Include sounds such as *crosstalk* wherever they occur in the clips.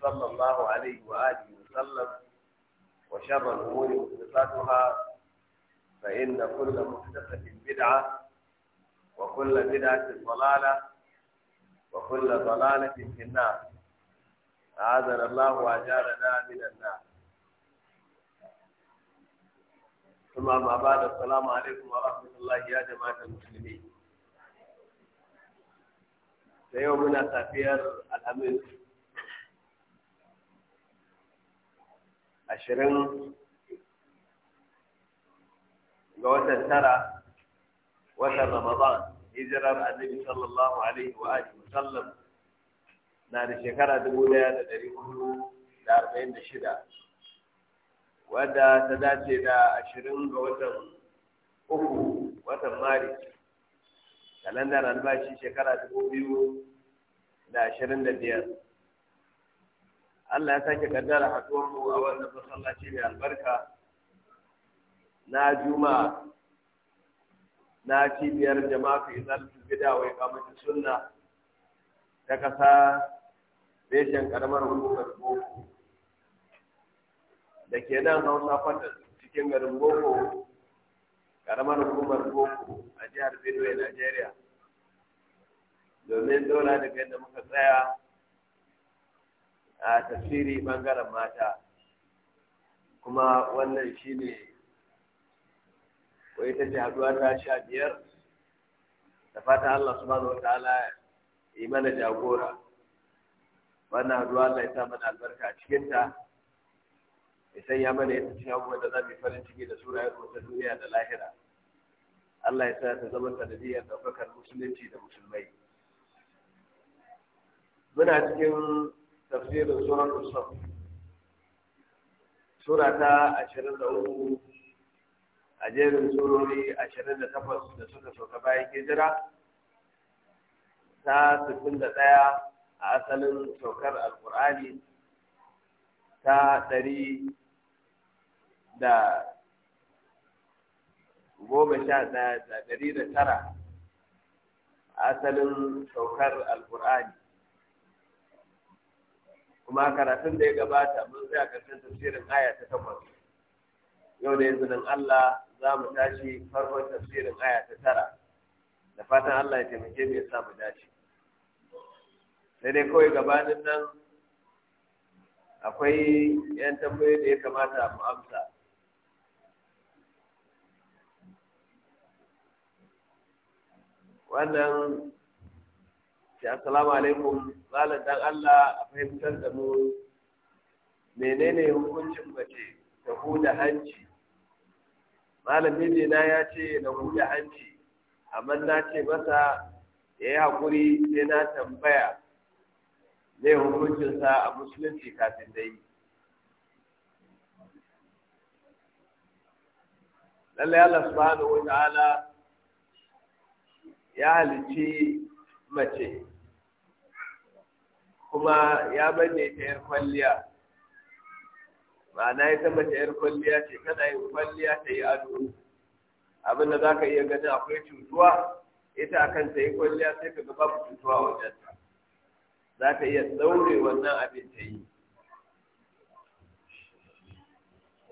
صلى الله عليه وآله وسلم وشر الأمور محدثاتها فإن كل محدثة بدعة وكل بدعة ضلالة وكل ضلالة في النار أعاذنا الله وأجارنا من النار ثم ما بعد السلام عليكم ورحمة الله يا جماعة المسلمين سيومنا سافير الأمير ashirin ga watan tara watan ramadan hijirar annabi sallallahu alaihi wa alihi wasallam na da shekara dubu daya da dari hudu da arba'in da shida wadda ta dace da ashirin ga watan uku watan maris kalandar albashi shekara dubu biyu da ashirin da biyar Allah ya sake kaddara haɗuwar mu a wannan masallaci mai albarka na juma'a na cibiyar jama'a fi zalfin gida wai kamata sunna ta kasa reshen ƙaramar hukumar boko da ke nan hausa fata cikin garin boko ƙaramar hukumar boko a jihar benue nigeria domin dole daga yadda muka tsaya a tafsiri bangaren mata kuma wannan shi ne wai ta ce haduwa ta sha biyar da fatan Allah su ba wa ta'ala yi mana jagora wannan haduwa Allah ya sa mana albarka a cikinta ya sanya mana ya cikin abubuwan da za mu yi farin ciki da sura ya ta duniya da lahira Allah ya sa ta zama sanadiyar ɗaukakar musulunci da musulmai muna cikin سورة الصف سورة sura ta أجير a jerin surori 28 da suka كجرة bayan hijira ta ɗaya a asalin saukar alkur'ani ta ɗari da goma sha da ɗari da tara asalin saukar alkur'ani kuma karatun da ya gabata mun tsaya karshen tafsirin aya ta takwas yau da izinin Allah za mu tashi farkon tafsirin aya ta tara da fatan Allah ya taimake mu ya sa mu dace sai dai kawai gabanin nan akwai yan tambayoyi da ya kamata mu amsa wannan ce assalamu alaikum malam dan Allah a fahimtar da mu menene hukuncin mace ta huda hanci malam na ya ce na huda hanci amma na ce masa ya yi hakuri sai na tambaya ne hukuncinsa a musulunci kafin da yi lallai Allah subhanahu wa ta'ala ya halici mace kuma ya bane ta yar kwalliya ma'ana ita mace yar kwalliya ce kada yin kwalliya ta yi ado abin da za ka iya ganin akwai cutuwa ita akan ta yi kwalliya sai ka ga babu cutuwa wajen ta za ta iya daure wannan abin ta yi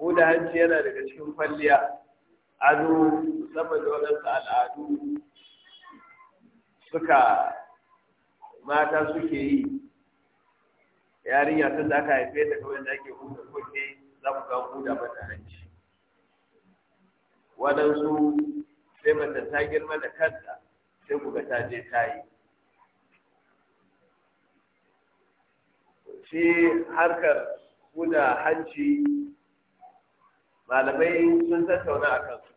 huda hanci yana daga cikin kwalliya ado musamman da waɗansu al'adu suka mata suke yi yarinya tun da aka haife ta kawai da ake huda kuke za ku ga huda mata hanci waɗansu sai mata ta girma da kanta sai ku ga ta je ta yi shi harkar huda hanci malamai sun tattauna a kansu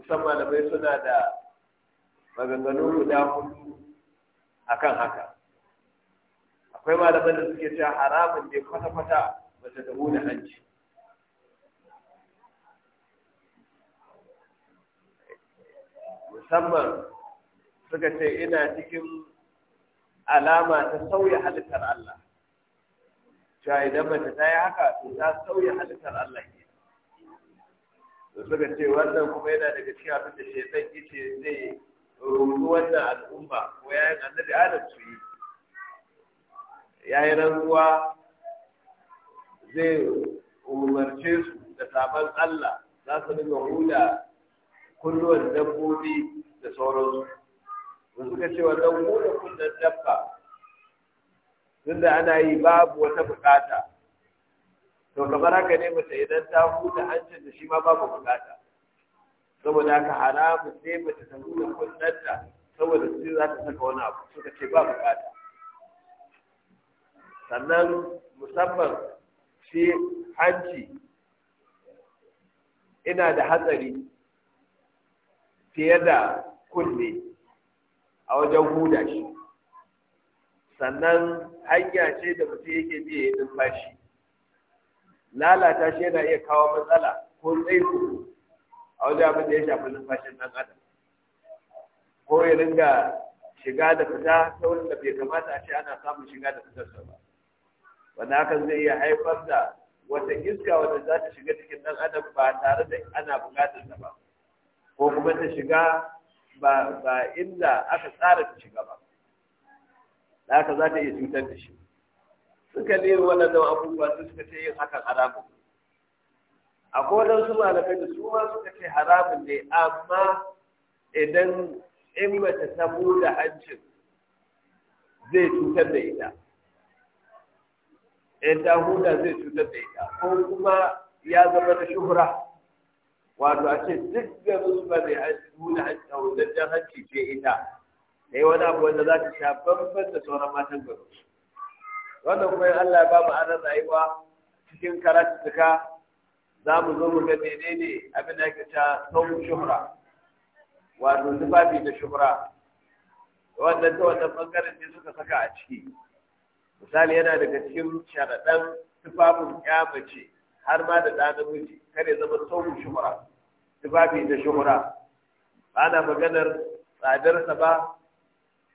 kusan malamai suna da maganganu guda hudu akan haka akwai malaman da suke cewa haramun ne kwata-kwata ba ta da hanci musamman suka ce ina cikin alama ta sauya halittar Allah cewa idan mace ta yi haka to ta sauya halittar Allah ke suka ce wannan kuma yana daga cewa abin da shaitan ce zai rudu wannan al'umma ko yayin annabi Adam su yi ya yi rantsuwa zai umarce su da sabon Allah za su nuna hula kulluwar dabbobi da sauransu da suka ce wannan hula kunnan dabba tunda ana yi babu wata bukata to kamar haka ne mace idan ta huta hancin da shi ma babu bukata saboda haka haramun ne mace ta huta ta saboda su za ta saka wani abu suka ce ba bukata sannan musamman shi hanci ina da hatsari fiye da kunne a wajen huda shi sannan hanya ce da mutum yake biya ya numfashi lalata shi yana iya kawo matsala ko tsaiko a wajen abin da ya shafi numfashin ɗan adam ko ya ringa shiga da fita ta wurin da bai kamata a ce ana samun shiga da fitarsa ba wanda hakan zai iya haifar da wata iska wanda za ta shiga cikin ɗan adam ba tare da ana buƙatar ta ba ko kuma ta shiga ba ba inda aka tsara ta shiga ba da haka za ta iya cutar da shi suka ne da abubuwa su suka ce yin hakan haramun akwai waɗansu malamai da su ma suka ce haramun ne amma idan in mace ta buɗe hancin zai cutar da ita Ɗan ta zai cutar da ita ko kuma ya zama da shuhura wato a ce duk da su ba zai hula wajen hanci ce ita da yi wani abu wanda za ta sha banban da sauran matan garo wannan kuma Allah ba mu rayuwa cikin karatuka. za mu zo mu ga menene abin da ake ta sauran shuhura wato tufafi da shuhura wannan ta wannan bangaren ne suka saka a ciki misali yana daga cikin sharaɗan tufafin ya mace har ma da ɗa namiji kare zama saurin shuhura tufafi da shuhura ba ana maganar tsadarsa ba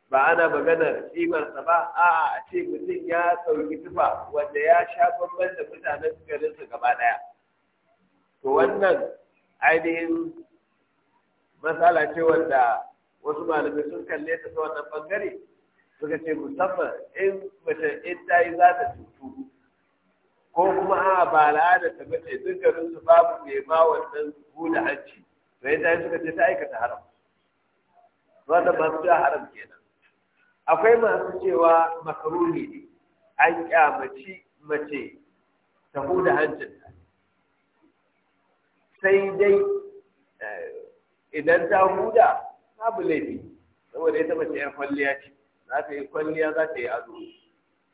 ba ana maganar ƙimarsa ba a'a a ce mutum ya sauki tufa wanda ya sha bambam da mutanen garinsa gaba ɗaya to wannan ainihin matsala ce wanda wasu malamai sun kalle ta ta wannan bangare suka ce musamman in mace in ta yi za ta cutu ko kuma a ba da ta bace dukkanin su babu mai ma wannan hula hanci to yi suka ce ta aikata haram wannan masu cewa haram kenan akwai masu cewa makaruni ne an kyamaci mace ta huda ta sai dai eh, idan ta huda babu laifi saboda ita mace yan kwalliya ce za ta yi kwalliya za ta yi ado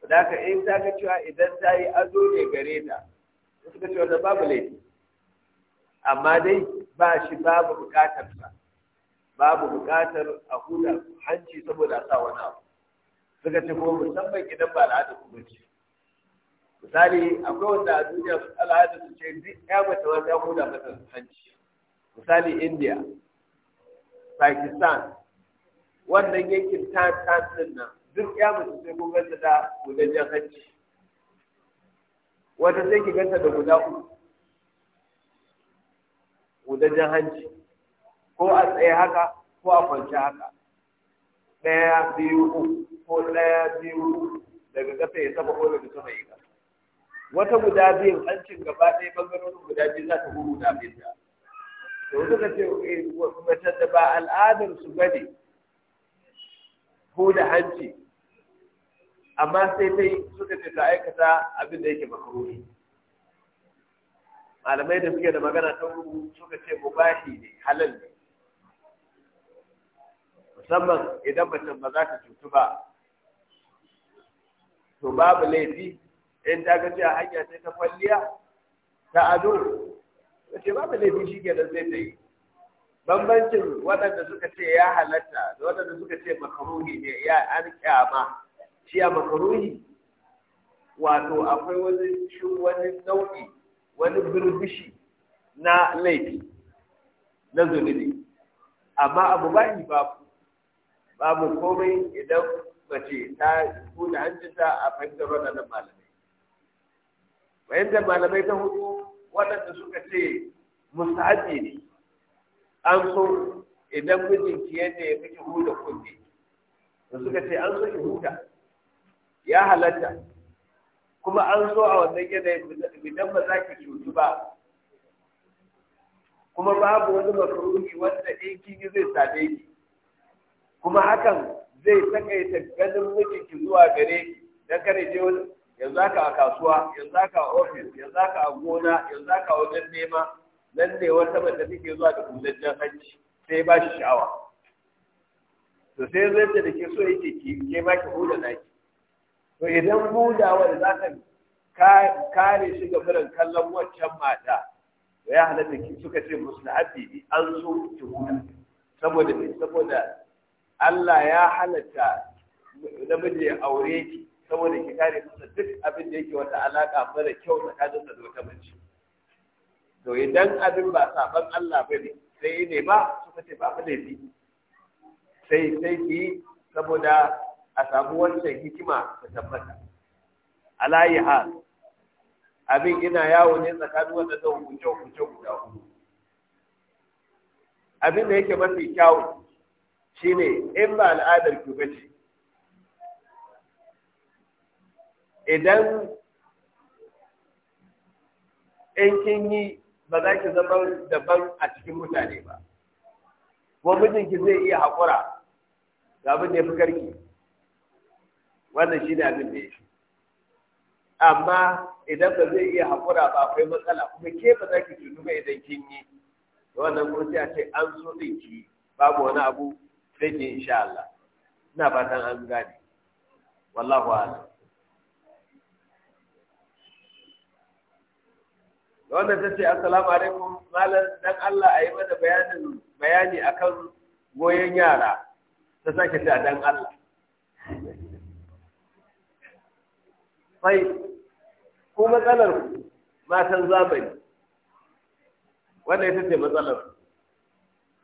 da haka in ta ga cewa idan ta yi ado ne gare ta suka ce wanda babu laifi amma dai ba shi babu buƙatar sa babu buƙatar a huda hanci saboda a sa wani abu suka ce ko musamman idan ba al'ada kuma ce misali akwai wanda a duniya al'ada su ce duk ya mace ma ta huda mata hanci misali india pakistan wannan yankin ta tasirin nan duk ya mace sai kun ganta da gudajen hanci wata sai ki ganta da guda uku gudajen hanci ko a tsaye haka ko a kwanci haka ɗaya biyu uku ko ɗaya biyu daga ƙasa ya saba ko daga sama ya ƙasa wata guda biyun hancin gaba ɗaya ɓangarorin guda biyu za ta gudu da abin da to suka ce eh, mace da ba al'adar su ne. huda hanci amma sai dai suka ce ta aikata abin da yake makaroni malamai da suke da magana ta rubu suka ce mubahi ne halal ne musamman idan mutum ba za ta cutu ba to babu laifi in ta ga cewa hanya sai ta kwalliya ta ado ta ce babu laifi shi ke zai ta yi bambancin waɗanda suka ce ya halatta da waɗanda suka ce makaruhi ne ya an kyama shi ya makaruhi wato akwai wani shi wani nau'i wani birbishi na laifi na zunubi amma abu ba bahi babu babu komai idan mace ta kuna hancinta a fahimtar waɗannan malamai fahimtar malamai ta hudu waɗanda suka ce musaadini an so idan mijinki yadda ya fi ki huda kunne da suka ce an so ki huta ya halatta kuma an so a wannan yanayin idan ba za ki cutu ba kuma babu wani makaruni wanda in kin yi zai same ki kuma hakan zai takaita ganin mijinki zuwa gare ki dan kare je wani yanzu haka a kasuwa yanzu haka a ofis yanzu haka a gona yanzu haka a wajen nema lalle wata mace take zuwa da kullajjan hanci sai ba shi sha'awa to sai zai da ke so yake ki ke ma ki huda naki to idan wa da zaka kare shi ga murin kallon wancan mata to ya halatta ki suka ce musulhabi ne an so ki huda saboda me saboda Allah ya halatta namiji ya aure ki saboda ki kare masa duk abin da yake wata alaka mara kyau tsakaninsa da wata mace to idan abin ba saban Allah ba ne sai ne ba suka ce ba laifi sai sai ki saboda a samu wancan hikima ta tabbata alayi ha abin ina yawo ne tsakanin waɗannan hukunce-hukunce guda hudu abin da yake mafi kyawu shine in ba al'adar ki bace idan in kin yi ba za ki zama daban a cikin mutane ba ko mijinki zai iya haƙura ga abin da ya fi karki wannan shi ne abin da ya fi amma idan ba zai iya haƙura ba akwai matsala kuma ke ba za ki tunu ba idan kin yi wannan kuma a ce an so ɗin ki babu wani abu sai ki insha Allah ina fatan an gane wallahu a'lam wanda ta ce assalamu alaikum malam dan Allah a yi mana bayanin bayani akan goyon yara ta sake ta dan Allah sai ko matsalar matan zamani wanda ita ce matsalar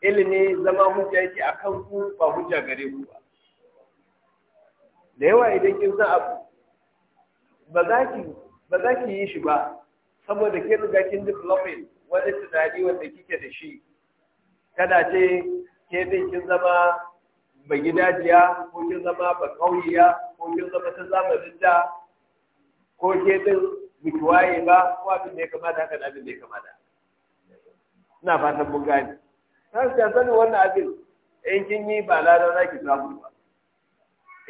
ilimi zama hujja yake akan ku ba hujja gare ku ba da yawa idan kin san abu ba za ki yi shi ba saboda ke riga kin developing wani tunani wanda kike da shi kada ce ke din kin zama ba gidajiya ko kin zama ba kauyiya ko kin zama ta zamanin da ko ke din biki waye ba ko abin da ya kamata haka abin da ya kamata ina fatan mun gane kan ka sani wannan abin in kin yi ba ladan zaki samu ba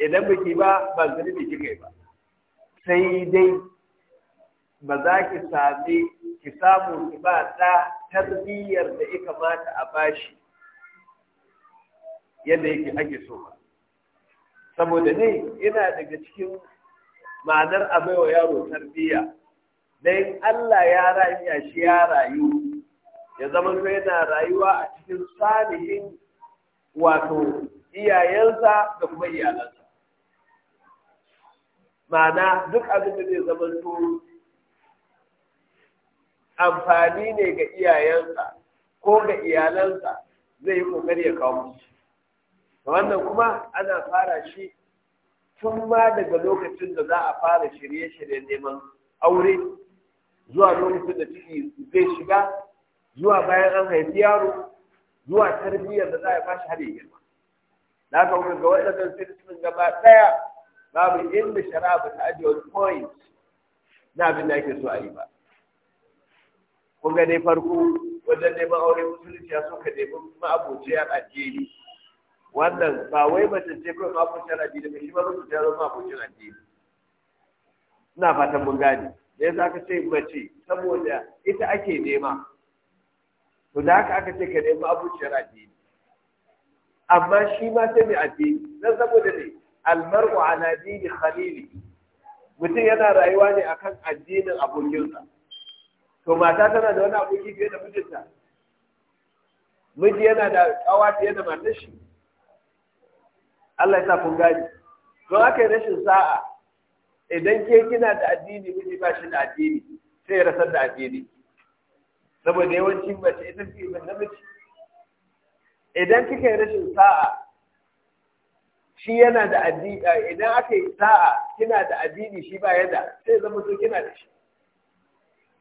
idan biki ba ba zuri biki kai ba sai dai ba za ki sami ki samu ki ba ɗa tarbiyyar da ya kamata a bashi yadda yake ake so ba saboda ne ina daga cikin ma'anar a baiwa yaro tarbiyya dan Allah ya raya shi ya rayu ya zama yana rayuwa a cikin salihin wato iyayensa da kuma iyalansa ma'ana duk abin da zai zama to amfani ne ga iyayensa ko ga iyalansa zai yi kokari ya kawo musu wannan kuma ana fara shi tun ma daga lokacin da za a fara shirye shiryen neman aure zuwa lokacin da ciki zai shiga zuwa bayan an haifi yaro zuwa tarbiyyar da za a fashi har yi girma Na aka wuce ga waɗannan sirrin gaba ɗaya babu inda shari'a ba ta ajiye wani point na abin da ake so a yi ba kun ga dai farko wajen neman aure musulunci ya so ka nemi ma'abociyar addini wannan ba wai mace ce kawai ma'abociyar addini ba shi ma mutum ya zama ma'abocin addini ina fatan mun gane da yasa aka ce mace saboda ita ake nema to da haka aka ce ka nemi ma'abociyar addini amma shi ma sai mai addini dan saboda ne almar'u ala dini khalili mutum yana rayuwa ne akan addinin abokinsa to mata tana da wani aboki fiye da mijinta miji yana da kawa fiye da matar shi Allah ya sa kun gani don haka rashin sa'a idan ke kina da addini miji ba shi da addini sai ya rasar da addini saboda yawancin mace ita ce ban namiji idan kika yi rashin sa'a shi yana da addini idan aka yi sa'a kina da addini shi ba yada sai zama so kina da shi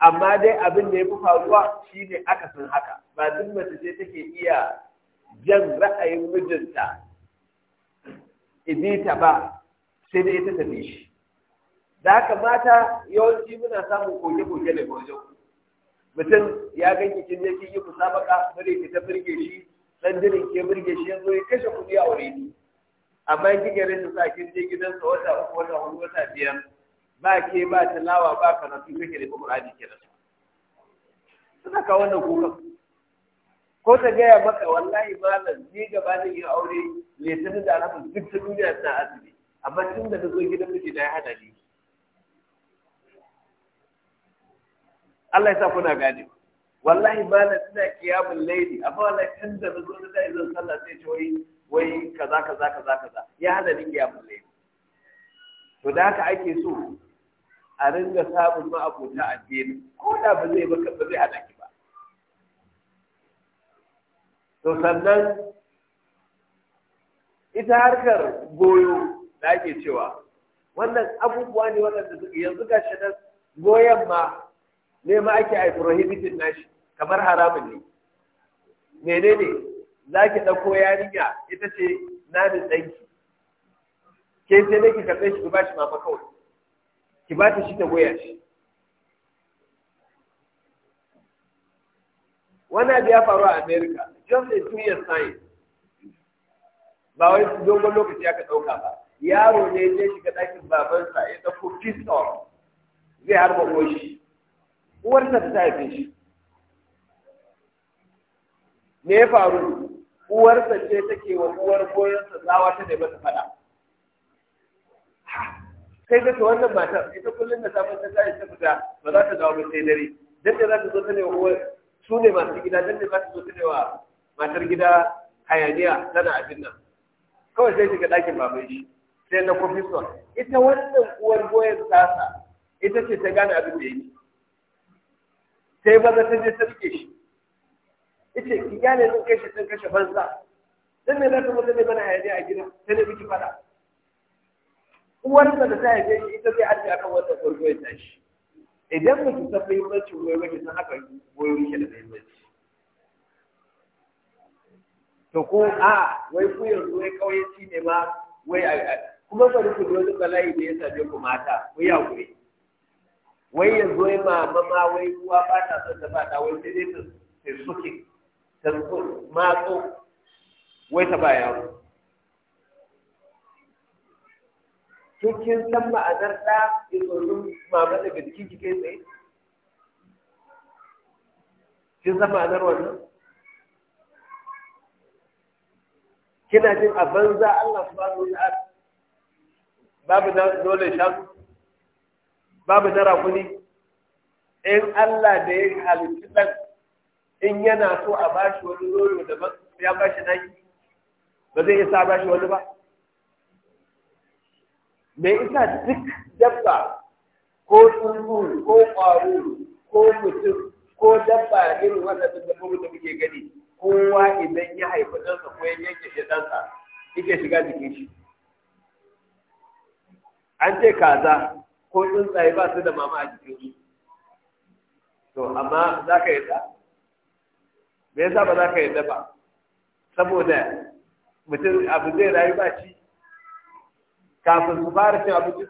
amma dai abin da ya fi faruwa shine aka san haka ba duk mace ce take iya jan ra'ayin mijinta idita ba sai dai ta tafi shi da haka mata yawanci muna samun koke-koke da wajen mutum ya ganki kin yake yi ku musabaka bare ki ta birge shi dan dirin ke birge shi yanzu ya kashe kuɗi a wuri amma kike rashin sa kin je gidansa wata uku wata hudu wata biyar ba ke ba lawa ba karatu kake da Qur'ani su suna ka wannan kuka ko ta gaya maka wallahi malam ni gaba da yin aure litinin da alhamdu duk ta duniya ta azumi amma tun da ta zo gidan miji na ya hada ni Allah ya sa kuna gane wallahi malam ina kiyamun laili amma wallahi tun da ta zo da ta zan sallah sai ce wai wai kaza kaza kaza kaza ya hada ni kiyamun laili to da haka ake so a ringa samun ma'abota addini ko da ba zai baka ba zai hana ki ba to sannan ita harkar goyo da ake cewa wannan abubuwa ne waɗanda suke yanzu ga shi nan goyon ma ne ma ake a prohibitin nashi kamar haramun ne menene za ki ɗauko yarinya ita ce na da ɗanki ke sai ne ki karɓe shi ba shi mama kawai ki ba ta shi ta goya shi wani abu ya faru a america just a two years time ba wai dogon lokaci aka ɗauka ba yaro ne ya shiga ɗakin babansa ya ɗauko pistol zai harba goshi Uwar ta haife shi me ya faru uwarsa ce take wa uwar goyonsa tsawa ta da mata faɗa sai ga wannan matar. ita kullum da safin ta tashi ta fita ba za ta dawo ba sai dare dan da za ta zo ta ne wa su ne masu gida dan da za ta zo ta ne wa matar gida hayaniya tana abin nan kawai sai shiga ɗakin baban shi sai na kofi suwa ita wannan uwar goyon tasa ita ce ta gane abin da ya yi sai maza ta je ta rike shi ita ki gane sun kai shi sun kashe fansa. dan me za ta mutu ne mana hayaniya a gida sai ne biki fada uwarsa da ta haife shi ita zai ajiye kan wannan goyo ya tashi idan ba ki san muhimmancin goyo ba ki san haka goyo yake da muhimmanci to ko a wai ku yanzu wai kauyanci ne ma wai kuma bari ku wani bala'i da ya same ku mata ku ya hakuri wai yanzu wai mama ma wai uwa ba ta son ta fada wai sai dai ta suke ta matso wai ta ba yaro kin san ma'azar ɗa ya tsoron mama daga jikin ki kai tsaye kin san ma'azar wani? kina jin a banza Allah su wa ta'ala babu na dole shaku babu na rakuni in Allah da ya halittu ɗan in yana so a bashi wani nono da ya bashi naki ba zai isa bashi wani ba Mai isa duk dabba ko tsuntsu ko ƙwaro ko mutum ko dabba irin waɗannan dabba da muke gani kowa idan ya haifi ɗansa ko ya yanke shi ɗansa yake shiga jikin shi an ce kaza ko tsuntsaye ba su da mama a jikin su to amma za ka yarda me yasa ba za ka yarda ba saboda mutum abu zai rayu ba shi. kafin su fara cin abinci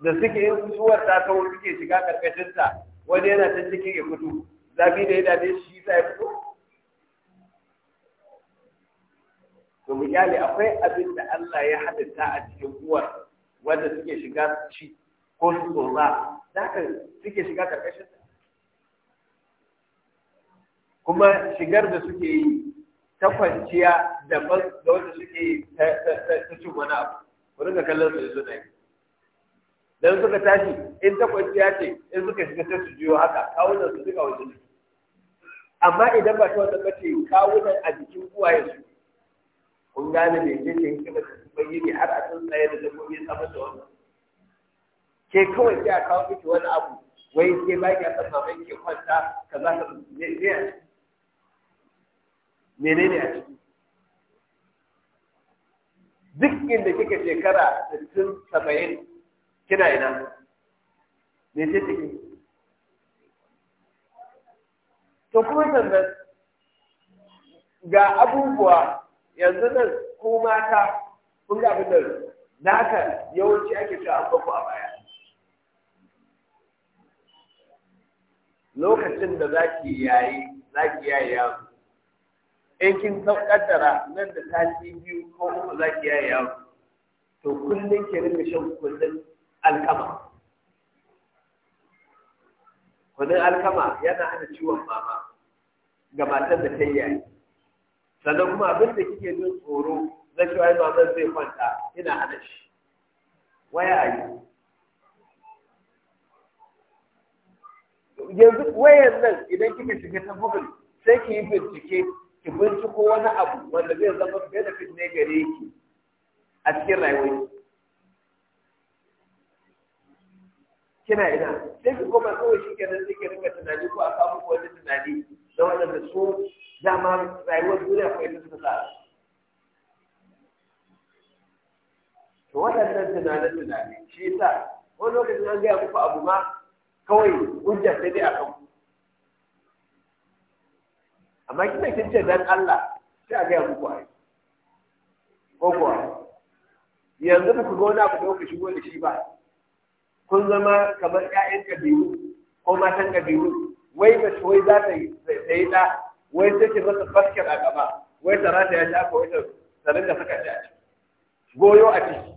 da suke ci da suke yin tsuwar ta kawo suke shiga karkashin ta wani yana can cikin ya fito zafi da ya dade shi sai fito to mu kyale akwai abin da Allah ya halitta a cikin uwar wanda suke shiga ci ko su tsotsa da suke shiga karkashin ta kuma shigar da suke yi ta kwanciya daban da wanda suke yi ta cin wani abu ku ringa kallon su yanzu na yi dan suka tashi in ta kwanciya ce in suka shiga sai su jiyo haka kawunan su duka wajen su amma idan ba ta wata bace kawunan a jikin uwaye su kun gane me ce ce hikima da su bayyane har a sun tsaye da dabbobi sama da wannan ke kawai sai a kawo miki wani abu wai ke ba ki a tsammanin ke kwanta kaza ka ne ne menene a ciki duk inda kika shekara 60 70 kina ina me ce ciki to kuma sannan ga abubuwa yanzu nan ko mata kun ga abin da naka yawanci ake cewa an baku a baya lokacin da zaki yayi zaki yayi yaro in eh, kin kaddara nan da sati biyu ko uku za ki yaya yaro to kullum ki rinka shan kullum alkama kullum alkama yana hana ciwon mama ga matar da ta yi sannan kuma abin da kike jin tsoro na ci yi mamar zai kwanta ina hana shi waya a yi yanzu wayan nan idan kika shiga ta bugun sai ki yi bincike ki binciko wani abu wanda zai zama benefit ne gare ki a cikin rayuwar kina ina sai ki goma kawai shi kenan sai ki rinka tunani ko a samu wani tunani da waɗanda su dama rayuwar duniya ko ita suka tsara to waɗannan tunanin tunani shi yasa wani lokacin an gaya muku abu ma kawai hujja sai dai a kanku amma kina kin ce dan Allah sai a ga ko ai ko ko yanzu ba ku gona ku dauka da shigo da shi ba kun zama kamar ƴaƴan kabilu ko matan kabilu wai ba wai za ta yi da wai sai ce masa basket a gaba wai ta ya ya aka wai ta rinka saka ta a ciki goyo a ciki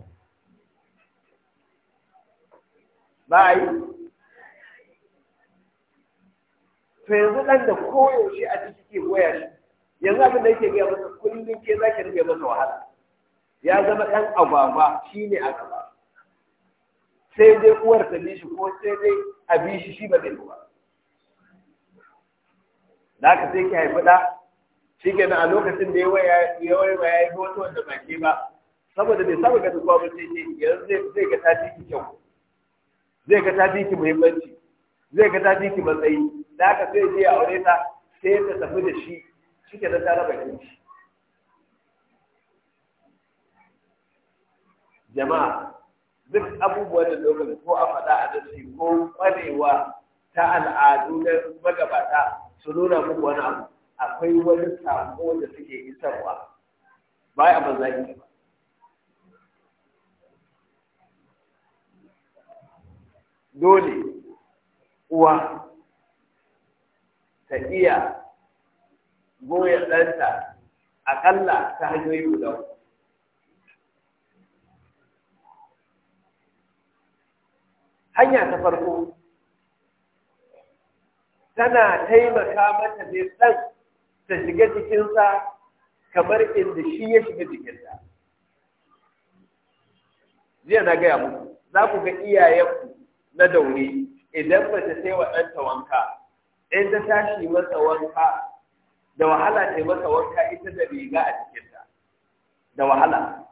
ba a yi to yanzu ɗan da koyaushe a ciki ke koya shi yanzu abin da yake gaya masa kullum ke za ki masa wahala ya zama ɗan agwagwa shi ne a gaba sai dai uwar ta bi shi ko sai dai a bi shi shi ba zai ba da aka sai ki haifi ɗa shi ke a lokacin da ya waya ya yi wata wanda ba ke ba saboda bai saba ga zuwa ba sai yanzu zai ga tasiri kyau zai ga tasiri muhimmanci zai ga tasiri matsayi da aka sai je ya aure ta sai ta tafi da shi shi ke da ta bakin shi. jama'a duk abubuwan da lokacin ko a faɗa a dasi ko ƙwarewa ta al'adu na magabata su nuna muku wani abu akwai wani saƙo da suke isarwa ba a banzaki ba dole uwa ta iya goya ɗanta aƙalla ta hanyoyi guda hanya ta farko tana taimaka mata ne ɗan ta shiga jikinsa kamar inda shi ya shiga jikinta jiya na gaya muku za ku ga iyayenku na dauri idan ba ta sai wa ɗanta wanka in ta tashi masa wanka da wahala ta masa wanka ita da riga a cikinta da wahala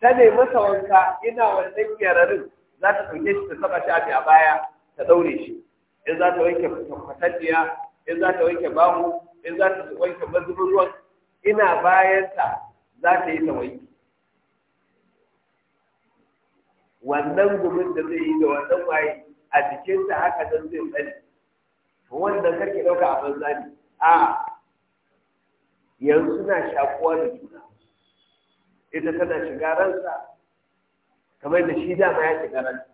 ta ne masa wanka ina wannan yararin za ta ɗauke shi ta saba shafi a baya ta ɗaure shi in za ta wanke kwatanniya in za ta wanke bahu in za ta wanke mazubin ruwan ina bayanta za ta yi ta wanki wannan gumin da zai yi da wannan waye a jikinsa haka dan zai tsani wanda kake ɗauka a banza ne a yanzu suna shakuwa da juna ita tana shiga ransa kamar da shi dama ya shiga ransa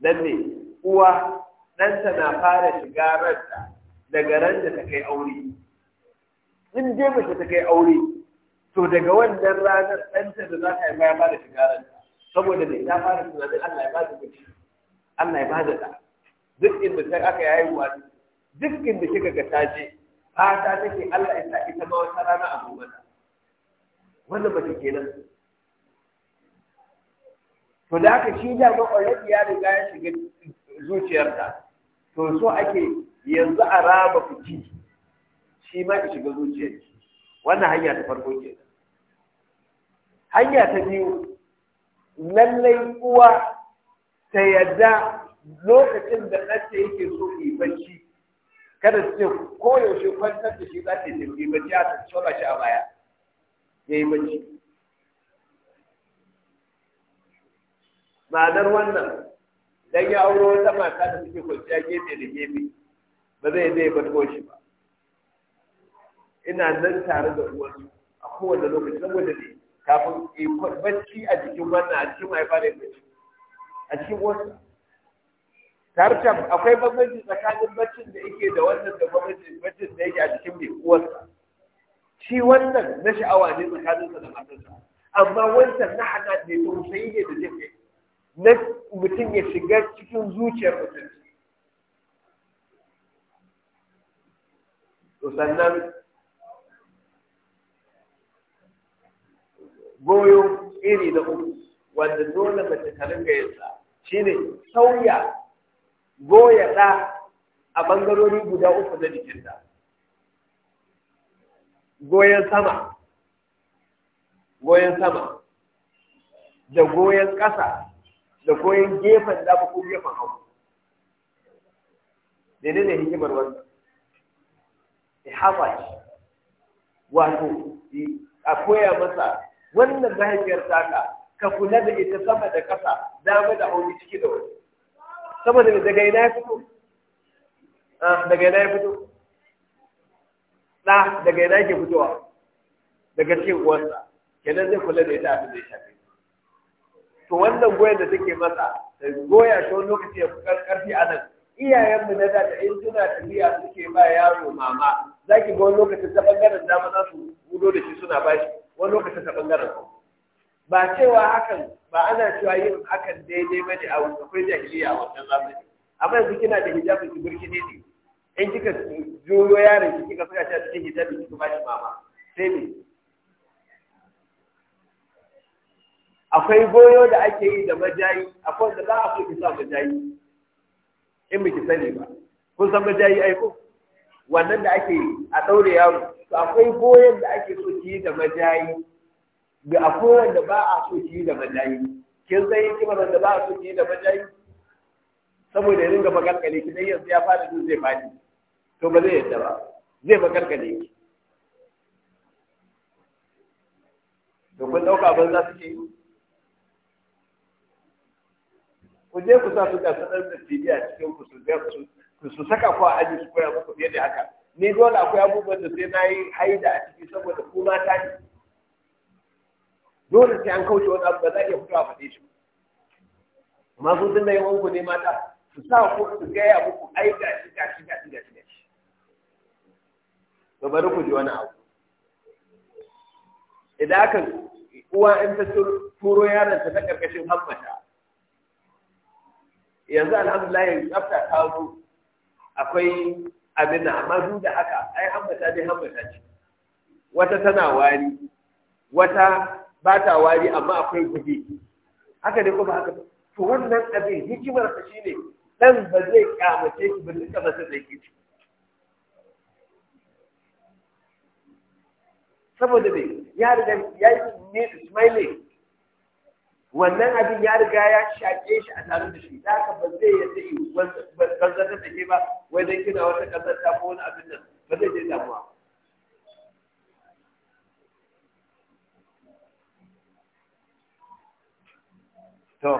nan ne uwa ɗanta na fara shiga ransa daga ran da ta kai aure in je mace ta kai aure to daga wannan ranar ɗanta da za ta yi haifa ya fara shiga ransa saboda da ita fara tunanin Allah ya ba ta Allah ya bada da duk inda sai aka yayi wa duk inda kika ga taje fata take Allah ya sa ita ma wata rana a gobe wannan mace nan to da aka shi da ba already ya riga ya shiga zuciyarta to so ake yanzu a raba ci shi ma ya shiga zuciyarki wannan hanya ta farko ke. hanya ta biyu lallai uwa ta yadda lokacin da ɗanta yake so yi bacci kada su ce yaushe kwantar da shi za ta yi bacci a ta shola shi a baya ya yi bacci ma'anar wannan dan ya auro wata mata da suke kwanciya gefe da gefe ba zai zai bato shi ba ina nan tare da uwansu a kowane lokacin saboda ne kafin bacci a jikin wannan a cikin mahaifa da bacci a cikin wasu tartan akwai bambanci tsakanin baccin da yake da wannan da bambanci baccin da yake a cikin mai uwarsa shi wannan na sha'awa ne tsakaninsa da matarsa amma wancan na hana ne tausayi ne da jefe na mutum ya shiga cikin zuciyar mutum to sannan goyo iri na uku wanda dole mace ta ringa yin sa shine sauya goya ɗa a ɓangarori guda uku na jikinta goyon sama goyon sama da goyon ƙasa da goyon gefen dama ko gefen hau dede ne hikimar wannan hafa shi wato a koya masa wannan mahaifiyar taka ka kula da ita sama da ƙasa dama da hauni ciki da wani saboda daga ina ya fito ah, daga ina ya fito na daga ina ke fitowa daga cikin uwansa kenan zai kula da ita a da ya shafe to wannan goyon da take masa da goya shi wani lokaci ya fi karfi a nan iyayen mu na da in suna tafiya suke ba yaro mama za ki ga wani lokacin ta ɓangaren dama za su gudo da shi suna bashi wani lokacin ta ɓangaren kuma ba cewa hakan ba ana cewa yin hakan daidai ba ne a wanda akwai jahiliya a wannan zamani amma yanzu kina da hijabi ki burki ne ne in kika juyo yaron ki kika saka shi a cikin hijabi ki ba shi mama sai me akwai goyo da ake yi da majayi akwai wanda za a so ki sa majayi in ki sani ba kun san majayi ai ko wannan da ake a daure yaro to akwai goyon da ake so ki yi da majayi ga akwai wanda ba a so ki yi da majayi kin ki ba da ba a so ki yi da majayi saboda ya ringa makalkale ki dai yanzu ya fara duk zai fadi to ba zai yadda ba zai makalkale ki to kun dauka ban za su ke yi ku je ku sa su ga sanar da tibiya cikin ku su ga ku su saka ku a aji su koya muku fiye da haka ni dole akwai abubuwan da sai na yi haida a ciki saboda ku mata dole sai an kauce wani abu da za a iya fito a faɗe shi amma kun tun da yawan ku ne mata su sa ku su gaya muku ai ga shi ga shi ga shi ga shi ga shi to bari ku ji wani abu idan aka uwa in ta turo yaron ta ta karkashin hammata yanzu alhamdulillah yanzu tsafta ta zo akwai abin amma duk da haka ai hammata dai hammata ce wata tana wari wata ba ta wari amma akwai guje haka ne kuma haka to wannan abin hikimar shi shine dan ba zai kyamace shi ba duka masa da yake saboda dai ya riga ya yi ne smiling wannan abin ya riga ya shaƙe shi a tare da shi da haka ba zai yadda yi banzar da ke ba wai dan kina wata kasar ta ko wani abin nan ba zai je damuwa to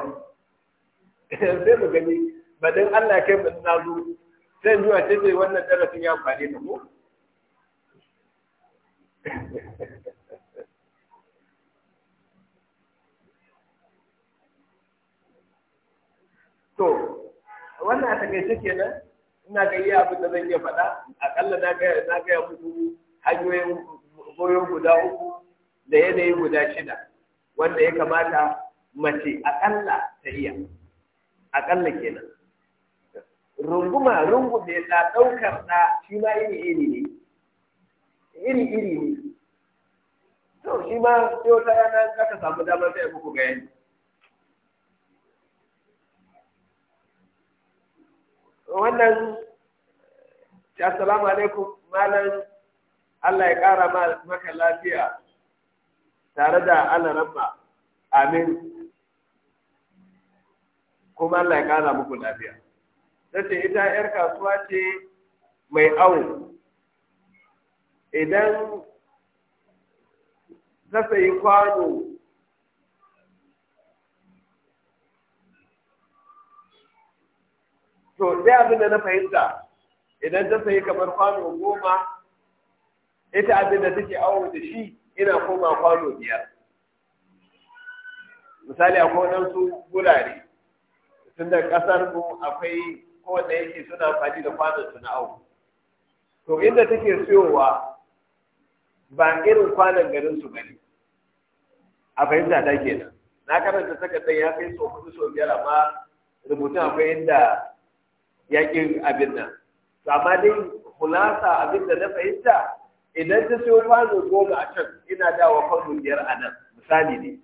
sai mu gani ba dan Allah kai mu na zo sai zuwa ce ce wannan darasin ya amfane da ko *laughs* to wannan a takaice kenan ina ga iya abin da zan iya faɗa akalla na ga na ga muku hanyoyin goyon guda uku da yanayi guda shida wanda ya kamata mace aƙalla ta iya aƙalla kenan runguma rungume da ɗaukar ɗa shi ma iri iri ne iri iri ne to shi ma yau ta yana aka samu damar sai muku bayani wannan assalamu alaikum malam Allah ya ƙara maka lafiya tare da ana rabba amin kuma Allah ya kara muku lafiya tace ita yar kasuwa ce mai awo idan ta sayi kwano to dai abin da na fahimta idan ta sayi kamar kwano goma ita abin da take awo da shi ina koma kwano biyar misali akwai wadansu gurare tunda kasar ƙasar mu akwai kowanne yake suna amfani da kwanan su na awo to inda take siyowa ba irin kwanan garin su bane a fahimta ta kenan na karanta takardar ya kai so kudu so biyar amma rubutun akwai inda yaƙin abin nan amma dai kulasa abin da na fahimta idan ta siyo kwano goma a can ina dawa kwano biyar a nan misali ne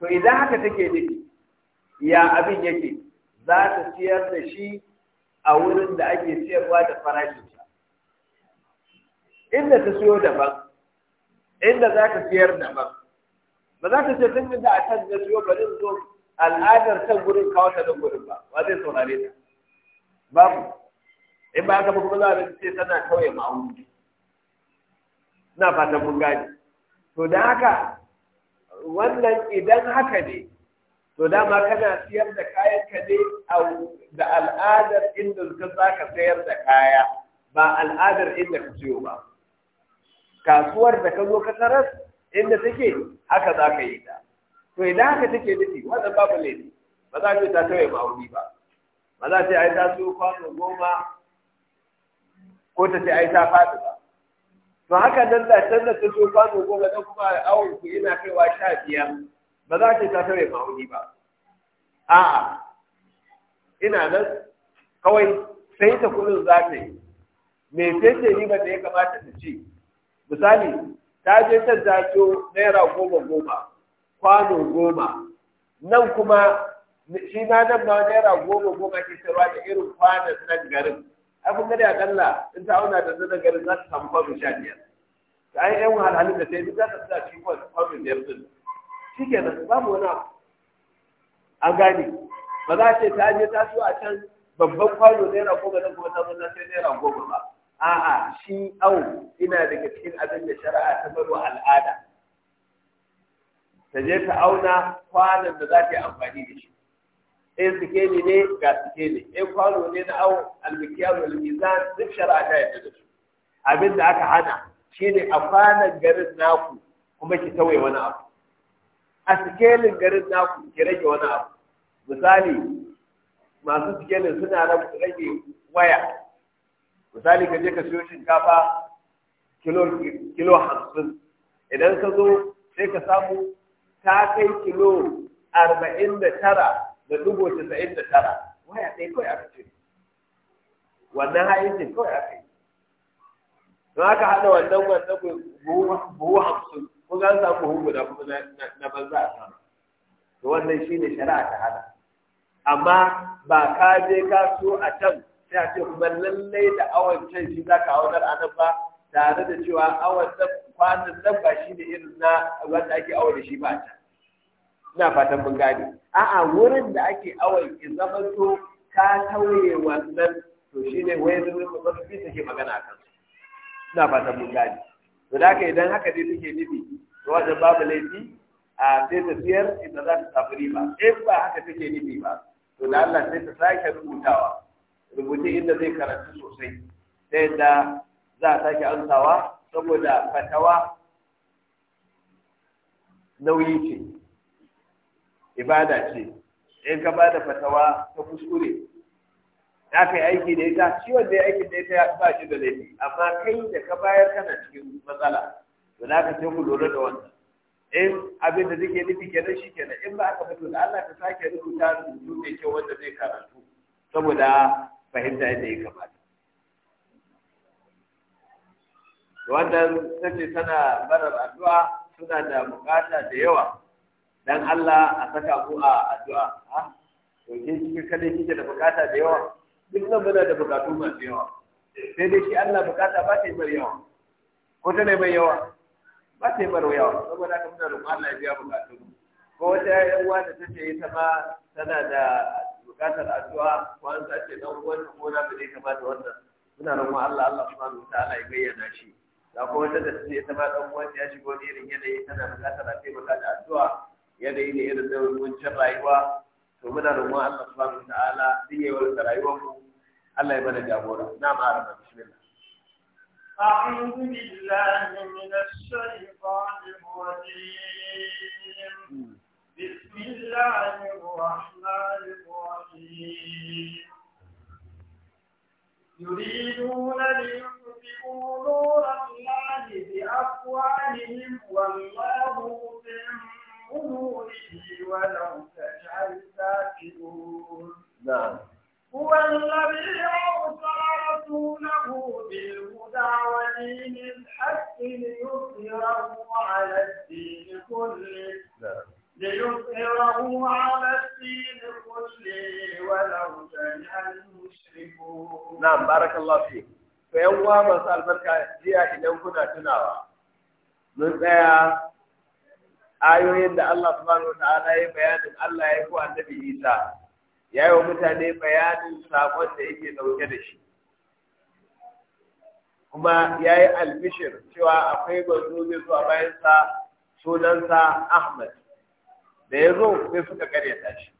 to idan haka take nufi ya abin yake za ta ciyar da shi a wurin da ake ciyarwa da farashinsa inda ta siyo daban inda za ka siyar daban ba za ka ce tun da a can da siyo bari zo al'adar can gurin kawo ta nan gurin ba ba zai saurare ta babu in ba ka kuma za a ce tana kawai ma'auni na fatan mun gane to da haka wannan idan haka ne to dama kana siyar da kayan ka ne da al'adar inda ka za ka sayar da kaya ba al'adar inda ka siyo ba kasuwar da ka zo ka taras inda take haka za ka yi ta to idan haka take nufi wanda babu laifi ba za ta ta kawai wuri ba ba za ta yi ta siyo kwano goma ko ta ce ai ta faɗi ba to haka nan da can da ta siyo kwano goma don kuma awon ku yana kaiwa sha biyar ba za ce ta tare ma'auni ba a'a ina nan kawai sai ta kudin za ta yi me sai ni ba da ya kamata ta ci misali ta je ta zato naira goma goma kwano goma nan kuma shi ma nan ma naira goma goma ke sarwa da irin kwanan nan garin ai kun gani akalla in ta auna da nan garin za ta samu kwano sha biyar ta yi yan wahalhalun da sai duk za ta sa cikin biyar din suke da su babu wani abu an gane ba za a ce ta je ta a can babban kwano naira goma nan kuma ta zo na sai naira goma ba a'a shi au ina daga cikin abin da shari'a ta baro al'ada ta je ta auna kwanon da za ta yi amfani da shi ɗaya suke ne ga ne ɗaya kwano ne na au almikiyar almizan duk shari'a ta yi da su abin da aka hana shi ne a kwanon garin naku kuma ki tawaye wani abu a sikelin garin naku ke rage wani abu misali masu sikelin suna nan rage waya misali ka je ka siyo shinkafa kilo hamsin idan ka zo sai ka samu ta kai kilo arba'in da tara da dubu casa'in da tara waya ɗaya kawai aka ce wannan ce kawai aka yi don haka haɗa wannan wannan buhu hamsin kun ga sa ku da kuma na banza a sama to wannan shine shari'a ta hada amma ba ka je ka so a can sai a ce kuma lallai da awon can shi za ka aunar a nan ba tare da cewa awon kwanan nan ba shi ne irin na wanda ake awon shi ba a can ina fatan mun gane a'a wurin da ake awon ki zama to ka tauye wannan to shine wai zuwa mafi take magana akan ina fatan mun gane to da haka idan haka dai take nufi to wajen babu laifi a sai ta siyar inda za ta samu riba in ba haka take nufi ba to da Allah sai ta sake rubutawa rubuce inda zai karatu sosai ta yadda za a sake amsawa saboda fatawa nauyi ce ibada ce in ka ba da fatawa ta kuskure ya ka yi aiki da ita ciwon da ya aiki da ita ya ba shi da laifi amma kai da ka bayar kana cikin matsala to za ka ce ku lura da wannan in abin da zai nufi kenan shi kenan in ba aka fito da Allah ka sake rubuta rubutu mai kyau wanda zai karatu saboda fahimta yadda ya kamata wannan tace tana barar addu'a suna da bukata da yawa dan Allah a saka ku a addu'a ha ah, to kin cikin kade kike da bukata da yawa duk nan muna da bukatu masu yawa sai dai shi Allah bukata ba ta yi mai yawa ko ta ne mai yawa ba ta yi mai yawa saboda haka muna roƙon Allah ya biya bukatu ko wata 'yan uwa da take ita ma tana da bukatar addu'a ko an sace dan uwan ko na ba zai kamata wannan muna roƙon Allah Allah subhanahu wataala ya bayyana shi da ko wata da take ita ma dan uwan ya shigo ne irin yanayi tana bukatar a taimaka da addu'a yanayi ne irin da mun rayuwa ومن الله سبحانه وتعالى دي ولا الله يبارك جابورا نعم عارف بسم الله أعوذ بالله من الشيطان الرجيم بسم الله الرحمن الرحيم يريدون ليطفئوا نور الله بأقوالهم والله من نوره ولو barakallahu fi to yan uwa masu albarka jiya idan kuna tunawa mun tsaya ayoyin da Allah subhanahu ta'ala ya bayanin Allah ya ko annabi Isa ya yi wa mutane bayanin sakon da yake dauke da shi kuma ya yi albishir cewa akwai gwanzo zai zuwa bayansa sunansa Ahmad da ya zo sai suka karyata shi.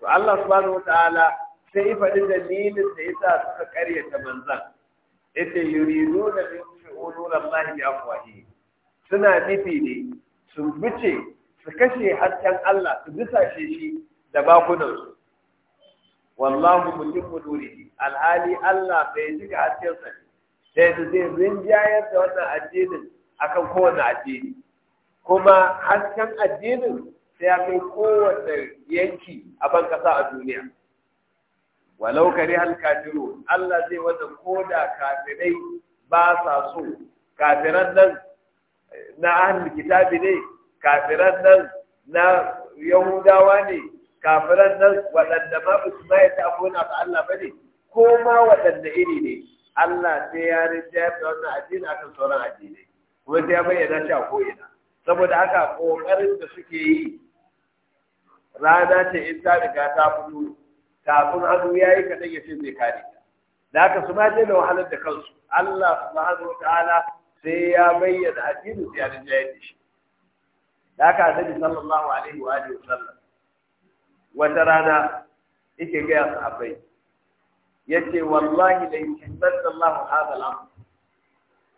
To Allah subhanahu ta'ala sai faɗi dalilin da ya sa suka karyata manzan yace yuridu da min shi'urur Allah bi afwahi suna nufi ne su bice su kashe hasken Allah su bisashe shi da bakunansu su wallahu mutum nurihi alhali Allah bai cika hasken sa sai su zai rinjayar da wannan addinin akan kowane addini kuma hasken addinin sai ya kai kowane yanki a ban kasa a duniya walau kare kafiru Allah zai wata koda kafirai ba sa so kafiran nan na ahlul kitabi ne kafiran nan na yahudawa ne kafiran nan waɗanda ma usmai ta abuna ba Allah bane ko ma waɗanda iri ne Allah sai ya rinjayar da wannan addini akan sauran addinai kuma sai ya bayyana shi a ko'ina saboda haka ƙoƙarin da suke yi rana ce in ta riga ta fito kafin hannu ya yi kaɗan ya ce zai kare ta da aka su ma da wahalar da kansu Allah subhanahu wa ta'ala sai ya bayyana addinin sai da rinjaye da shi da haka annabi sallallahu alaihi wa alihi wasallam wata rana yake gaya sahabbai yace wallahi la yuhibbanna Allah hadha al-amr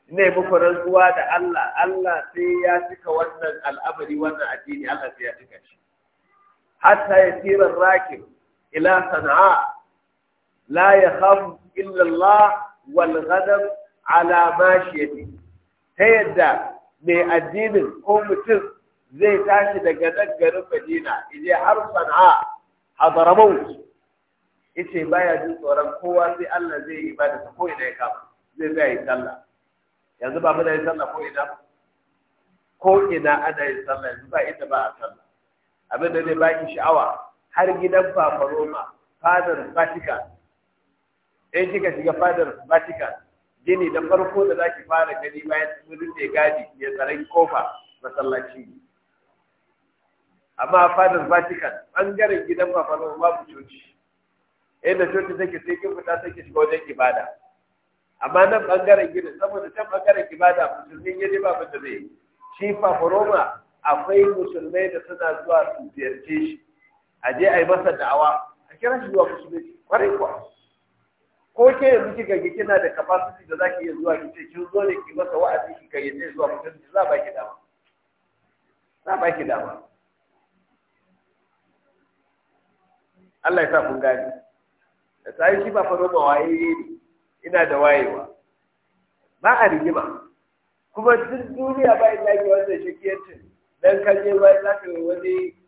ne muku rantsuwa da Allah Allah sai ya cika wannan al'amari wannan addini Allah sai ya cika shi hatta yasira rakib ila sana'a la ya khafu illallah wal ghadab ala mashiyati ta yadda mai addinin ko mutum zai tashi daga nan Madina ije har sana'a Hadramaut yace baya jin tsoron kowa sai Allah zai yi ibada ta ko ina ya kama zai zai yi sallah yanzu ba mu da yin sallah ko ina ko ina ana yin sallah yanzu ba inda ba a sallah abin da zai baki sha'awa har gidan Papa Roma, Father Vatican. In eh, kika shiga Father Vatican, gini da farko da za ki fara gani bayan sun rufe gadi ya tsaron kofa masallaci. Amma Father Vatican, ɓangaren gidan Papa Roma babu coci. Inda eh, coci take sai kin fita take shiga wajen ibada. Amma nan ɓangaren gida, saboda can ɓangaren ibada, musulmin yadda ba abin da yi. Shi Papa Roma akwai musulmai da suna zuwa su ziyarce shi. a je a yi masa da'awa a kira shi zuwa musulunci kwarai kuwa ko ke yanzu ki ga kina da capacity da zaki iya zuwa kice kin zo ne ki masa wa'azi ki kai ne zuwa musulunci za ba ki dama za ba ki dama Allah ya sa kun gani da sai shi ba fa roba waye ne ina da wayewa ba a rigima kuma duk duniya ba ina ke wannan shi kiyancin dan kaje wai zaka wani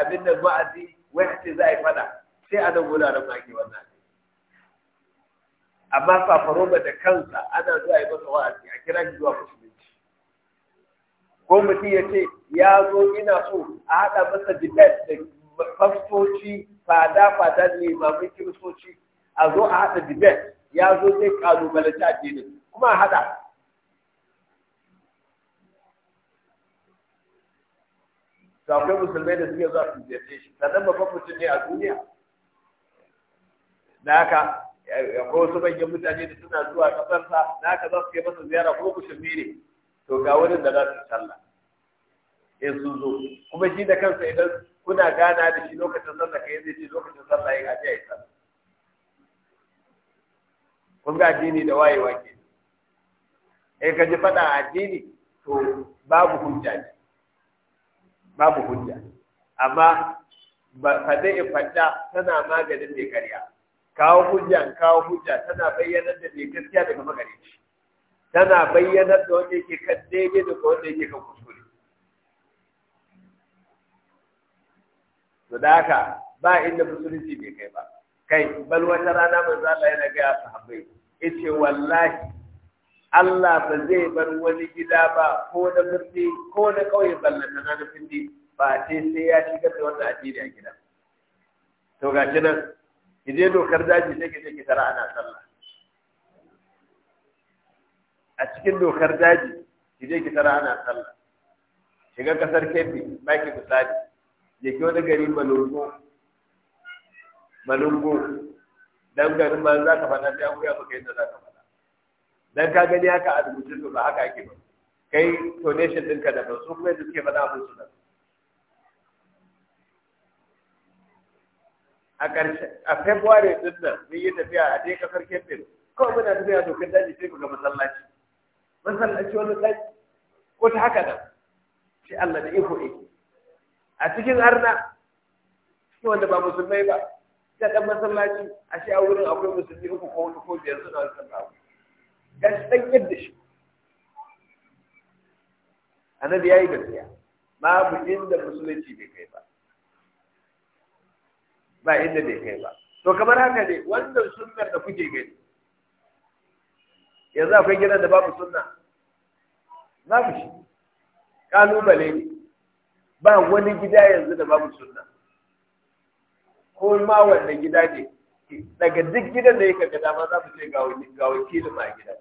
abin da ma'azi wai a ce za a yi fada sai a nan wuraren ma ake wannan amma ba da kansa ana zuwa yi masa wa'azi a kira shi zuwa musulunci ko mutum ya ce ya zo ina so a haɗa masa dibet da fastoci fada-fada ne mamun kiristoci a zo a haɗa dibet ya zo zai kalubalanci addinin kuma a haɗa to akwai musulmai da suke zuwa su ziyarce shi sannan babban mutum ne a duniya da haka akwai wasu manyan mutane da suna zuwa kasarsa na haka za su kai masa ziyara ko musulmi ne to ga wurin da za su sallah in sun zo kuma shi da kansa idan kuna gana da shi lokacin sallah kai zai ce lokacin sallah ya aje ya sallah kun ga addini da wayewa ke in ka ji faɗa addini to babu hujja ne babu hujja amma faɗe faɗa tana maganin mai karya kawo hujja kawo hujja tana bayyanar da mai gaskiya daga magarici tana bayyanar da wanda yake kan daidai da wanda yake kan kuskure to haka ba inda musulunci bai kai ba kai bal wata rana manzo Allah yana ga sahabbai yace wallahi Allah ba zai bar wani gida ba ko na birni ko na ƙauye ballanta na na birni ba sai sai ya shigar da wannan addini a gida to ga shi nan ki je dokar daji sai ki je ki tara ana sallah a cikin dokar daji ki je ki tara ana sallah shiga kasar kefi ba ki misali je ki wani gari malungo malungo dan garin ma za ka fada sai an koya maka yadda za ka dan ka gani haka a rubutun ba haka ake ba kai donation ɗinka da ba su kuma yadda suke faɗa musu su da a ƙarshe a february ɗin nan mun yi tafiya a je ƙasar kebbi kawai muna tafiya dokar daji sai ku ga masallaci masallaci wani ɗan ko ta haka nan shi Allah da iko yake a cikin arna shi wanda ba musulmai ba ta ɗan masallaci a shi a wurin akwai musulmi uku ko wani ko biyar suna wani sallah ga san yadda shi annabi yayi gaskiya babu inda musulunci bai kai ba ba inda bai kai ba to kamar haka ne wannan sunnar da kuke gani yanzu akwai gidan da babu sunna babu shi kalubale ne ba wani gida yanzu da babu sunna ko ma wanda gida ne daga duk gidan da yake ga dama za mu ce ga wakilin ma gidan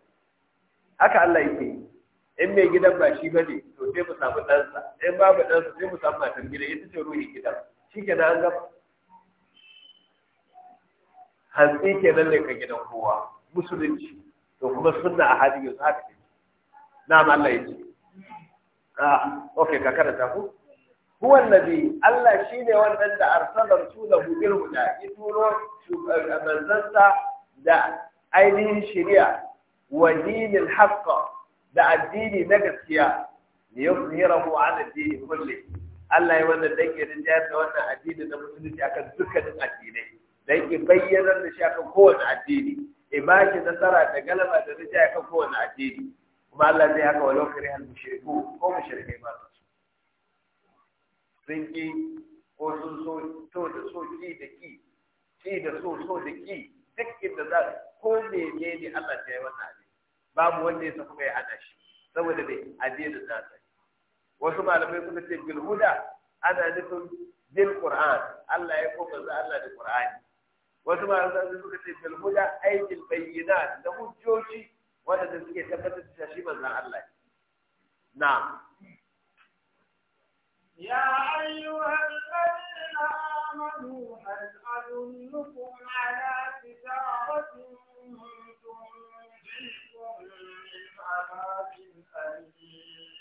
haka Allah yake yi in mai gidan ba shi bane to sai mu samu ɗansa in babu ɗansa sai mu samu matan gida ita ce ruhi gidan shi ke an ga hantsi ke nan ne ka gidan kowa musulunci to kuma sunna a hadiyu haka ce na Allah ya ce ah okay ka karanta ku huwa nabi Allah shine wannan da arsala rasulahu bil huda ya turo manzansa da ainihin shari'a wa dinil da addini na gaskiya li yuzhirahu ala dini kulli Allah ya wannan dake da jayar da wannan addini na musulunci akan dukkanin addinai dan ki bayyana da shi akan kowane addini ibaki nasara da Galama da rija akan kowane addini kuma Allah zai haka walau kare mu mushriku ko mushrikai ba sun ko sun so to da so ki da ki ki da so so da ki duk inda za ko ne ne Allah ta yi wannan abin babu wanda ya saka kai hada shi saboda bai addinin da ta wasu malamai suka ce bil huda ana nufin bil qur'an Allah ya koka za Allah da qur'ani wasu malamai suka ce bil huda ay bil bayyinat da hujjoji wanda suke tabbatar da shi manzon Allah na'am يا أيها الذين آمنوا هل أدلكم على تجارة تنجيكم من عذاب أليم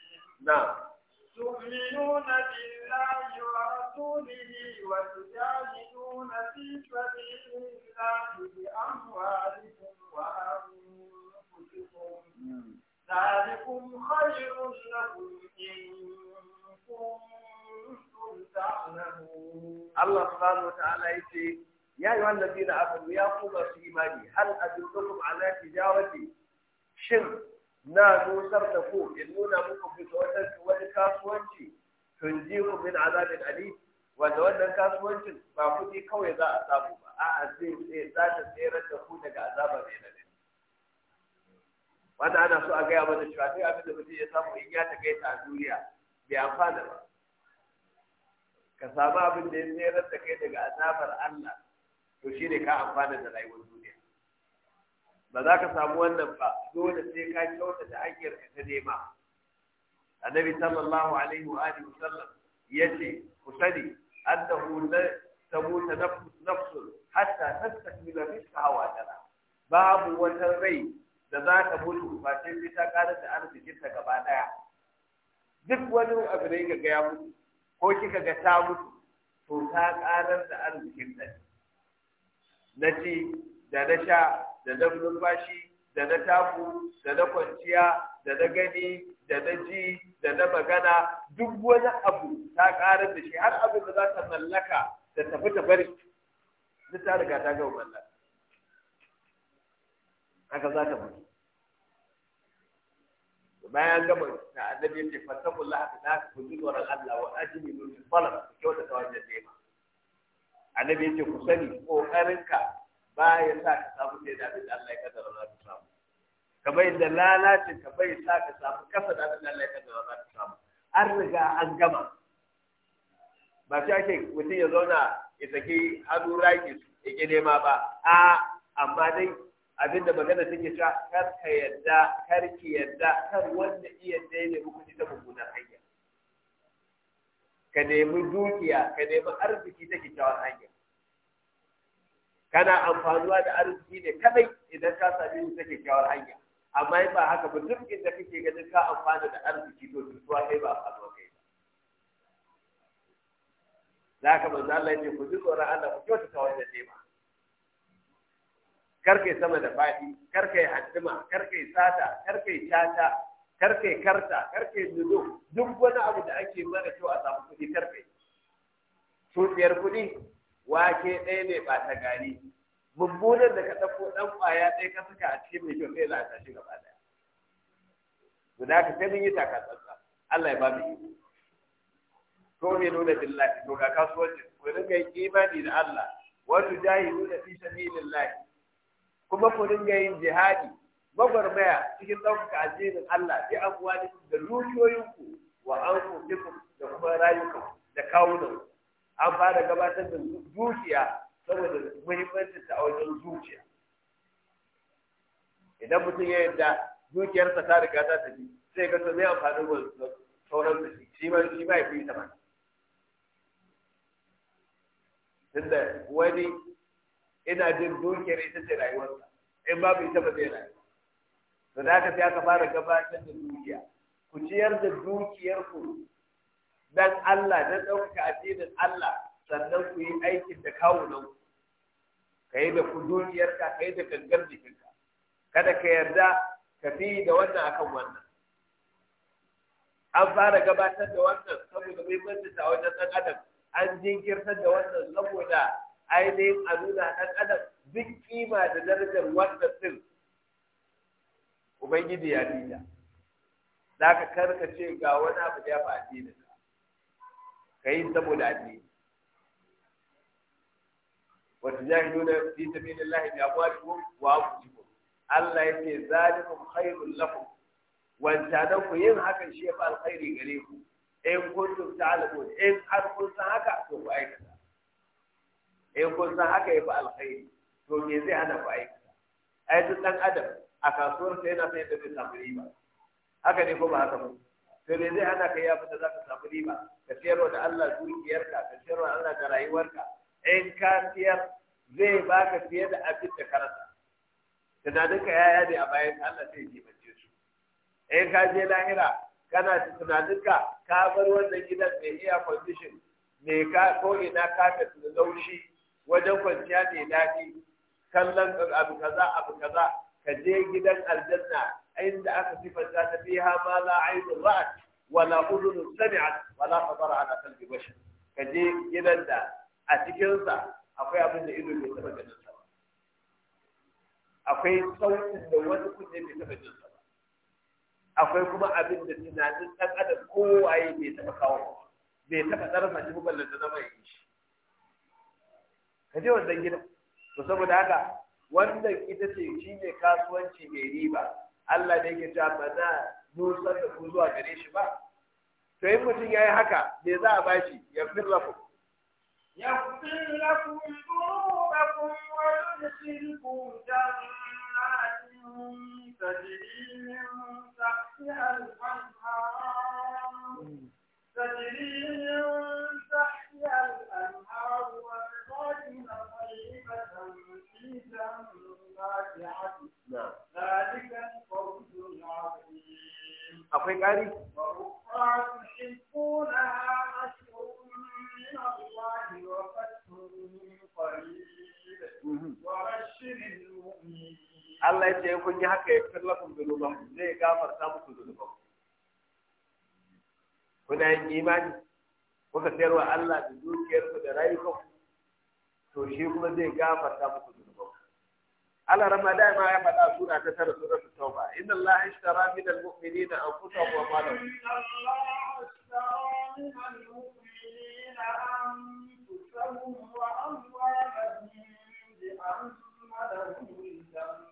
نعم تؤمنون بالله ورسوله وتجاهدون في سبيل الله بأموالكم وأنفسكم نعم. ذلكم خير لكم إن كنتم Allah subhanahu wa ta'ala yace ya yi wannan dina abu ya ku masu imani hal adullukum ala tijarati shin na nusar da ku in nuna muku wata wani kasuwanci tun ji ku min azabin ali wanda wannan kasuwancin ba kuɗi kawai za a samu ba a'a zai tsaye za ta tsere da ku daga azaba da ne wanda ana so a gaya mana cewa sai abin da mutum ya samu in ya takaita a duniya bai amfana ba ka samu abin da ya tsere da kai daga azabar Allah to shi ne ka amfana da rayuwar duniya ba za ka samu wannan ba dole sai ka kyauta da hanyar ka ta nema annabi sallallahu alaihi wa alihi wasallam yace ku sani annahu la tamuta nafsun hatta tastakmila rizqaha wa ajala babu wata rai da za ta mutu ba sai ta karar da arzikin ta gaba daya duk wani abu da yake ga ya ko kika ga ta mutu to ta karar da arzikin ta na ci da na sha da na numfashi da na taku da na kwanciya da na gani da na ji da na magana duk wani abu ta karar da shi har abin da za ta mallaka da tafi ta bari duk ta riga ta ga mallaka haka za ta mutu bayan gama da annabi yake fatabul fatakun da ka kuji wa Allah wa ajimi domin falon da kyauta ta wajen nema annabi yake ce ku sani ƙoƙarinka ba ya sa ka samu sai da abin Allah ya kadara za ka samu kamar yadda lalacin ka bai sa ka samu kasa da abin Allah ya kadara za ka samu an riga an gama ba sai ake mutum ya zauna ya saki hannu raki su ya nema ba a amma dai abinda magana take sa, kar ka yadda kar ki yadda kar wanda iya dai ne muku ta mummunar hanya ka nemi dukiya ka nemi arziki ta kyawar hanya kana amfanuwa da arziki ne kadai idan ka sami shi ta kyakkyawar hanya amma in ba haka ba duk inda kake ganin ka amfana da arziki to tutuwa kai ba a zo kai ba za ka manzo Allah ya ce ku ji tsoron Allah ku kyautata wannan nema kar yi sama da faɗi kar yi haddima kar yi sata kar yi tata kar yi karta kar yi nudo duk wani abu da ake mara kyau a samu kuɗi kar yi. tsofiyar kuɗi wake ɗaya ne ba ta gari mummunan da ka ɗauko ɗan ƙwaya ɗaya ka saka a cikin mai kyau sai a shi gaba ɗaya guda ka sai mun yi taka tsantsa Allah ya ba mu yi ko me nuna billahi to ga kasuwancin ku rinka yin imani da Allah wato jahilu da fi sabilillah kuma ku dinga yin jihadi magwarmaya, cikin ɗaukaka addinin Allah bi kuwa da dukiyoyinku wa anfusikum da kuma rayuka da kawunan an fara gabatar da zuciya saboda muhimmancin ta a wajen zuciya idan mutum ya yarda zuciyarsa ta riga ta tafi sai ga sai me amfanin sauran da shi shi ma shi ba ya fi ta ba tunda wani ina jin dukiyar ita ce rayuwarsa in babu ita ba zai rayu da aka ka aka fara gabatar da dukiya ku ciyar da dukiyarku dan Allah na ɗauka addinin Allah sannan ku yi aikin da kawunan ku ka yi da kuduriyarka ka yi da gangar jikinka kada ka yarda ka fi da wannan akan wannan an fara gabatar da wannan saboda mai mantata wajen ɗan adam an jinkirtar da wannan saboda ainihin a nuna ɗan adam duk kima da darajar wanda ɗin ubangiji ya nuna za ka karkace ga wani abu da ya fi da ka ka yi saboda ne wata jahilu nuna fi tafi da lahi da abuwa wa abu Allah ya ce zalikum khairul lakum wancanan ku yin hakan shi ya fi alkhairi gare ku in kuntum ta'lamun in har kun san haka to ku aikata eh kun san haka yafi alkhairi to me zai hana ku aikata ai duk dan adam a kasuwar sai yana sai da zai samu riba haka ne ko ba haka ba to me zai hana kai ya fita za ka samu riba ka sayarwa da Allah dukiyarka ka sayarwa da Allah da rayuwarka in ka siyar zai baka fiye da abin da ka rasa tunaninka yaya ne a bayan Allah zai jibance su in ka je lahira kana tunaninka ka bar wannan gidan mai iya condition me ka ko ina ka da tunaushi wajen kwanciya mai daɗi kallon abu kaza abu kaza ka je gidan aljanna inda aka sifanta ta fiha ma la ainun ra'at wala udhun sami'at wala khabara ala qalbi bashin. ka je gidan da a cikinsa akwai abin da ido bai taɓa ganin sa akwai sautin da wani kunne bai taba jin sa akwai kuma abin da tunanin dan adam kowaye bai taɓa kawo bai taɓa tsara shi ba balle da zama yi shi ka je wannan gidan to saboda haka wannan ita ce shi ne kasuwanci mai riba Allah ne yake cewa ba na nusar da ku zuwa gare shi ba to in mutum ya yi haka me za a bashi ya fi lafu يغفر لكم ذنوبكم ويدخلكم جنات تجري من تحتها الأنهار jirgin من akwai ƙari? Mm-hmm. Allah ya ce in kun yi haka ya fitar lafin zunuban zai gafarta muku zunuban. Kuna yin imani? Kuka sayarwa Allah da dukiyarku da rayukanku to shi kuma zai gafarta muku zunuban Allah Ramadan ma ya faɗa sura ta tara sura ta tauba inna Allah ishtara min al-mu'minina anfusahum wa malahum inna Allah ishtara min al-mu'minina anfusahum wa amwalahum bi anna lahum al-jannah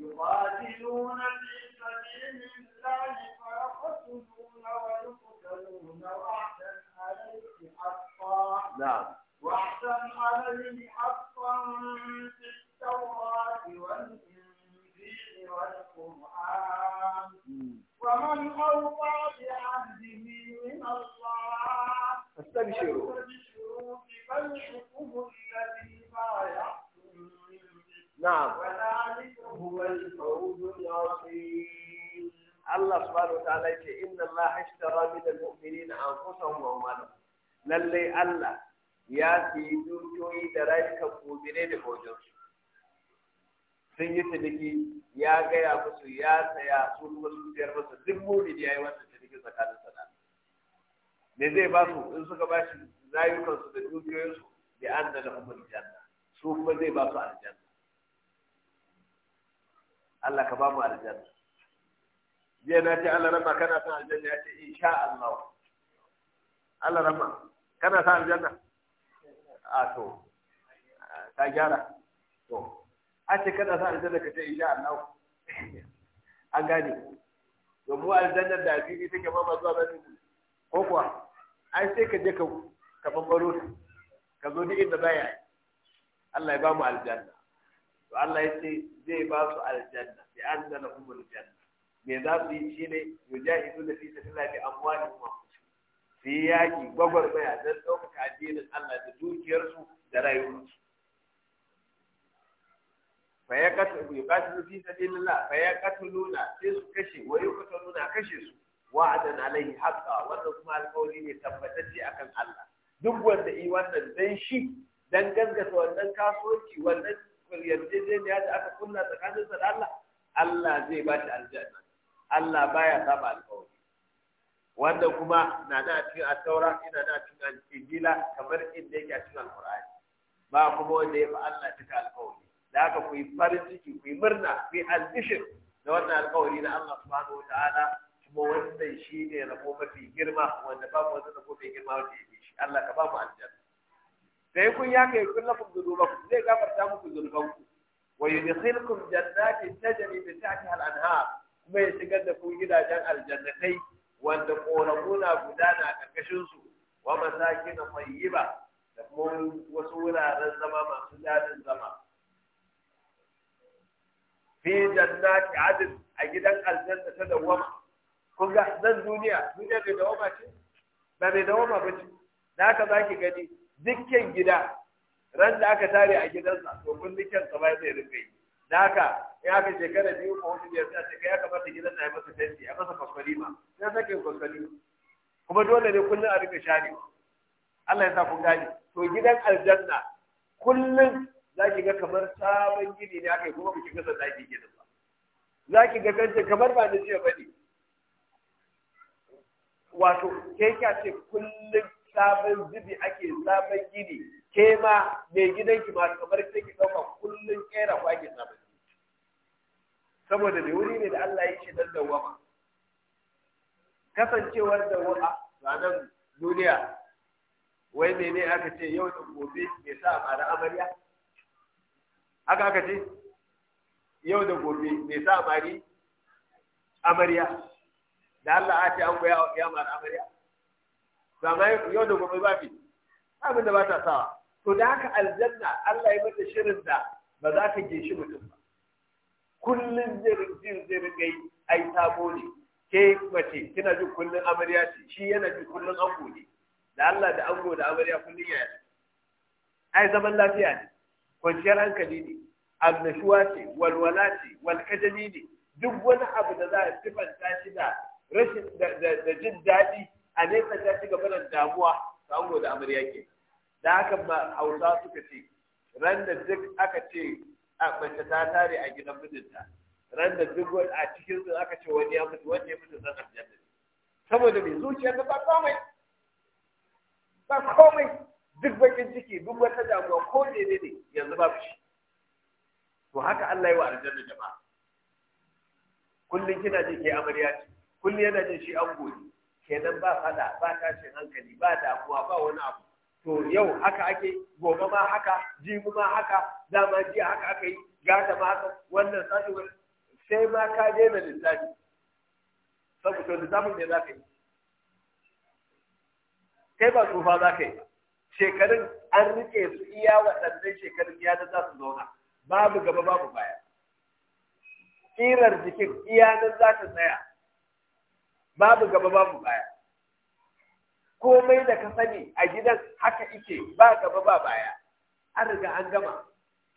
يقاتلون في سبيل الله فيقتلون ويقتلون وعدا عليه حقا نعم وعدا عليه حقا في التوراة والإنجيل والقرآن ومن أوفى بعهده من الله فاستبشروا فالحكم الذي بايعتم نعم وذلك هو الفوز العظيم الله سبحانه وتعالى إن الله اشترى من المؤمنين أنفسهم وأموالهم للي الله ya siyi dukiyoyi da rayukan mumine da bojinsu sun yi ciniki ya gaya musu ya saya su kuma su siyar masa duk da ya yi wannan ciniki tsakanin sana me zai ba su in suka ba shi rayukansu da dukiyoyinsu da an da kuma Aljanna? su kuma zai ba su aljanna Allah ka ba mu aljanna jiya na ce Allah rama kana son aljanna ya ce insha Allah Allah rama kana son aljanna a to ta gyara to a ce kada sa aljanna ka ce insha Allah an gane mu Aljanna da azizi take ma ba zuwa bane ko kuwa ai sai ka je ka ka bambaro ka zo duk inda baya Allah ya ba mu aljanna to Allah ya ce zai ba su aljanna bi anna lahumul janna me za su yi shine yujahidu fi sabilillahi amwalihim wa sai yaƙi gwagwarmaya don ɗaukaka addinin Allah da dukiyarsu da rayuwarsu. Faya katulu ya su fi sabilillah faya nuna sai su kashe wa nuna kashe su wa'adan alaihi haƙa wannan kuma alƙawari ne tabbatacce akan Allah duk wanda yi wannan dan shi dan gaskata wannan kasuwanci wannan yarjejeniya da aka tsakanin tsakaninsa da Allah Allah zai ba shi aljanna Allah baya saba alƙawari wanda kuma na da a cikin attaura ina da a cikin injila kamar inda yake a cikin alqur'ani ba kuma wanda ya fi Allah cika alƙawari da haka ku yi farin ciki ku yi murna ku yi albishir da wannan alƙawari na Allah subhanahu wa ta'ala kuma wannan shi ne rabo mafi girma wanda ba mu wanda rabo mai girma wanda ya bi shi Allah ka ba mu aljanna sai kun ya kai kun lafa zunubanku zai gafarta muku zunubanku wa yudkhilkum jannatin tajri min tahtiha al-anhar kuma ya shigar da ku gidajen aljannatai wanda koramu na gudana a ƙarƙashin su wa masakin ba, da wasu wuraren zama masu dadin zama fi ki adin a gidan aljanna ta dawama kun ga nan duniya duniya bai dawama ce ba bai dawama ba ce da ka za ki gani dukkan gida ran da aka tare a gidansa to kun dukkan sa bai zai rinka yi da haka ya aka shekara biyu ko wani biyar sai ka ya kamata gidan na yi masa fenti a masa kwaskwari ma ya sake kwaskwari kuma dole ne kullum a rika share Allah ya sa kun gane to gidan aljanna kullum za ki ga kamar sabon gini ne aka yi kuma ba ki kasa ki gidan ba za ki ga kanta kamar ba ni jiya ba ne wato ke kya ce kullum sabon zubi ake sabon gini ke ma mai gidanki ma kamar sai ki ɗauka kullum ƙera kwaki sabon saboda da wuri ne da Allah ya ce dan dawama kasancewar da dawama ranar duniya wai menene aka ce yau da gobe me sa a mara amarya haka aka ce yau da gobe me sa a mari amarya da Allah a ce an goya ya da amarya zama yau da gobe ba fi abin da ba ta sawa to da haka aljanna Allah ya mata shirin da ba za ta shi mutum ba kullum jin jirgin a yi ai sabo ne ke mace kina jin kullum amarya ce shi yana jin kullum ango ne da Allah da ango da amarya kullum ya yi. ai zaman lafiya ne kwanciyar hankali ne annashuwa ce walwala ce walkajali ne duk wani abu da za a sifanta shi da rashin da jin daɗi a nesa ta ci gaba da damuwa ta ango da amarya ke da haka ma hausa suka ce ran da duk aka ce a mace ta tare a gidan mijinta ran da duk a cikin su aka ce wani ya mutu wani ya mutu zan aljanna saboda mai zuciya ta ba komai ba komai duk bakin ciki duk wata damuwa ko ne ne ne yanzu ba shi to haka Allah ya wa aljanna jama'a kullun kina ji ke amarya ce kullun yana jin shi an goyi kenan ba fada ba tashin hankali ba damuwa ba wani abu to yau haka ake gobe ma haka jimu ma haka dama jiya haka aka yi gata ma haka wannan sati sai ma ka daina lissafi saboda lissafin ne za ka yi kai ba tsufa za ka yi shekarun an rike su iya waɗannan shekarun ya za su zauna babu gaba babu baya tsirar jikin iya nan za ta tsaya babu gaba babu baya komai da ka sani a gidan haka ike ba gaba ba baya an riga an gama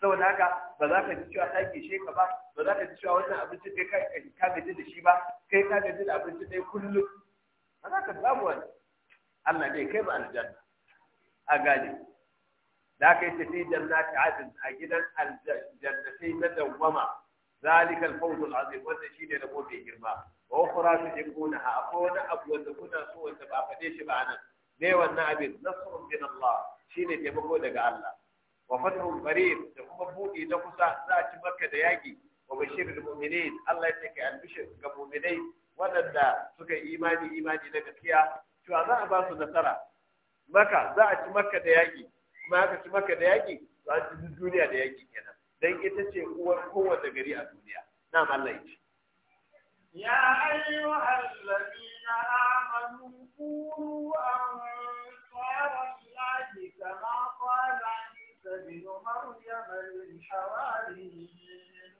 saboda haka ba za ka ji cewa ta kishe sheka ba ba za ka ji cewa wannan abinci kai ka gaji da shi ba kai ka gaji da abinci dai kullum ba za ka samu wani Allah ne kai ba aljanna a gane da aka yi tafi ta adin a gidan aljanna sai na dawwama zalikal fawzul azim wannan shine rabo mai girma ukhra tuhibbunaha akwai wani abu wanda kuna so wanda ba faɗe shi ba nan ne wannan abin nasrun min Allah shine taimako daga Allah wa fathun qarib da kuma buɗi na kusa za ci maka da yaki wa bashirul mu'minin Allah ya ce albishir ga mu'minai waɗanda suka yi imani imani na gaskiya cewa za a ba nasara maka za a ci maka da yaƙi kuma aka ci maka da yaƙi za a ci duniya da yaƙi kenan dan ita ce uwar kowace gari a duniya na Allah يا أيها الذين آمنوا قال عيسى بن مريم للحواريين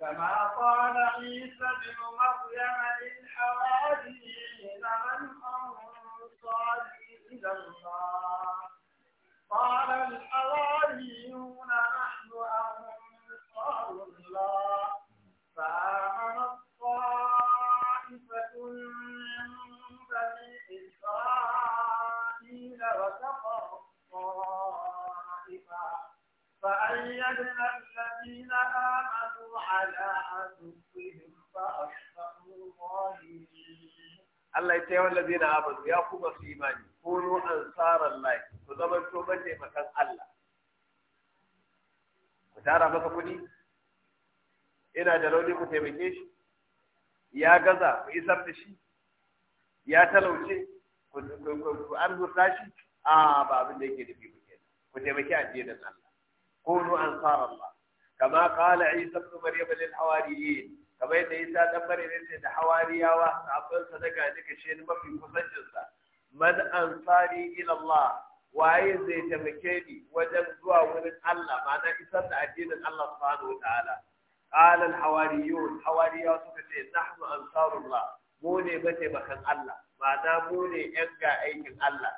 كما قال عيسى بن مريم للحواريين من أنصاري إلى الله قال الحواريون نحن أنصار الله فأيدنا الذين آمنوا على عدوهم فأصبحوا ظاهرين Allah ya ce wa lazina ya kuma imani kunu ansaran lahi ku zama to bace makan Allah ku tara maka kuɗi ina da rauni ku taimake shi ya gaza ku isar da shi ya talauce ku shi a ba abin da yake nufi ku ku taimaki addinin Allah kunu ansar Allah kama qala Isa ibn Maryam lil hawariyin kamar yadda Isa dan Maryam ya ce da hawariyawa sahabban sa daga duka mafi kusancin sa man ansari ila Allah waye zai taimake ni wajen zuwa wurin Allah ma'ana isar da addinin Allah subhanahu wa ta'ala qala al suka ce nahnu ansarullah Mune ne mataimakan Allah ma'ana mu ne ‘yan ga aikin Allah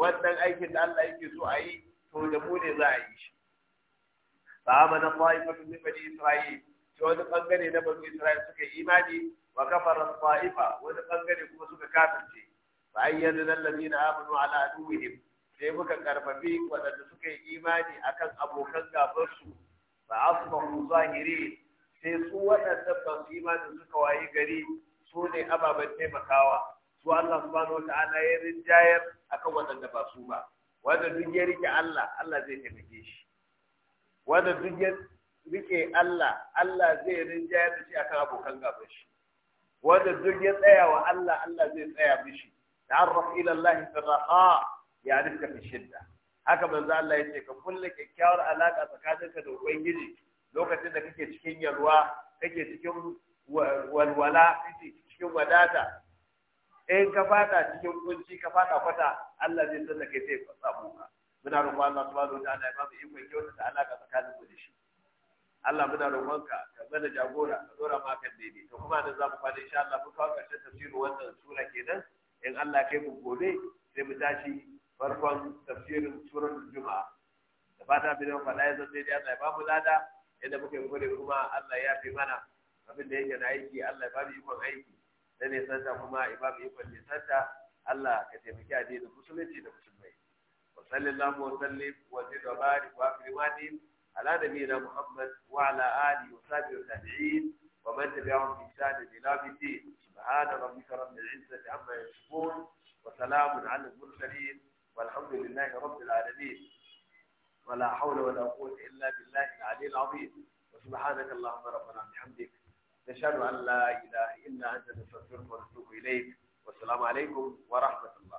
wannan aikin da Allah yake so ayi to da mu ne za a yi shi فآمن الطائفة من بني إسرائيل شو نقنقني نبني إسرائيل سكي إيماني وكفر الطائفة ونقنقني كما سكي كافر شيء فأيدنا na آمنوا على عدوهم sai muka karfafi waɗanda suka yi imani akan abokan gabarsu ba asbahu zahiri sai su waɗanda ba imani suka wayi gari su ne ababen taimakawa su Allah subhanahu ana ya rinjayar akan waɗanda ba su ba wanda duk ya rike Allah Allah zai taimake shi wanda duk ya rike Allah Allah zai rinjaya da shi akan abokan gaban shi wanda duk ya tsaya wa Allah Allah zai tsaya mishi Da ila Allah fi raha ya rinka fi shidda haka manzo Allah yace ka kulle kyakkyawar alaka tsakaninka da ubangiji lokacin da kake cikin yalwa kake cikin walwala kake cikin wadata in ka fada cikin kunci ka fada kwata Allah zai sanar kai sai ka samu ka muna roƙon Allah subhanahu wa ta'ala ya ba mu ikon kyauta da alaka tsakanin mu da shi Allah muna roƙon ka mana jagora ka dora ma kan daidai to kuma da zamu fara insha Allah mun kawo ƙarshen tafsirin wannan sura kenan in Allah kai mu gobe sai mu tashi farkon tafsirin surar juma'a da fata bin faɗa ya zan daidai Allah ya ba mu lada inda muke gode kuma Allah ya fi mana abin da yake na aiki Allah ya ba mu ikon aiki da ne santa kuma ya ba mu ikon ne santa Allah ka taimaki addinin musulunci da musulunci صلى الله وسلم وزد وبارك واكرماتهم على نبينا محمد وعلى اله وصحبه التابعين ومن تبعهم بإحسان إلى الدين سبحان ربك رب العزة عما يصفون وسلام على المرسلين والحمد لله رب العالمين ولا حول ولا قوة إلا بالله العلي العظيم وسبحانك اللهم ربنا بحمدك نشهد أن لا إله إلا أنت نستغفرك ونتوب إليك والسلام عليكم ورحمة الله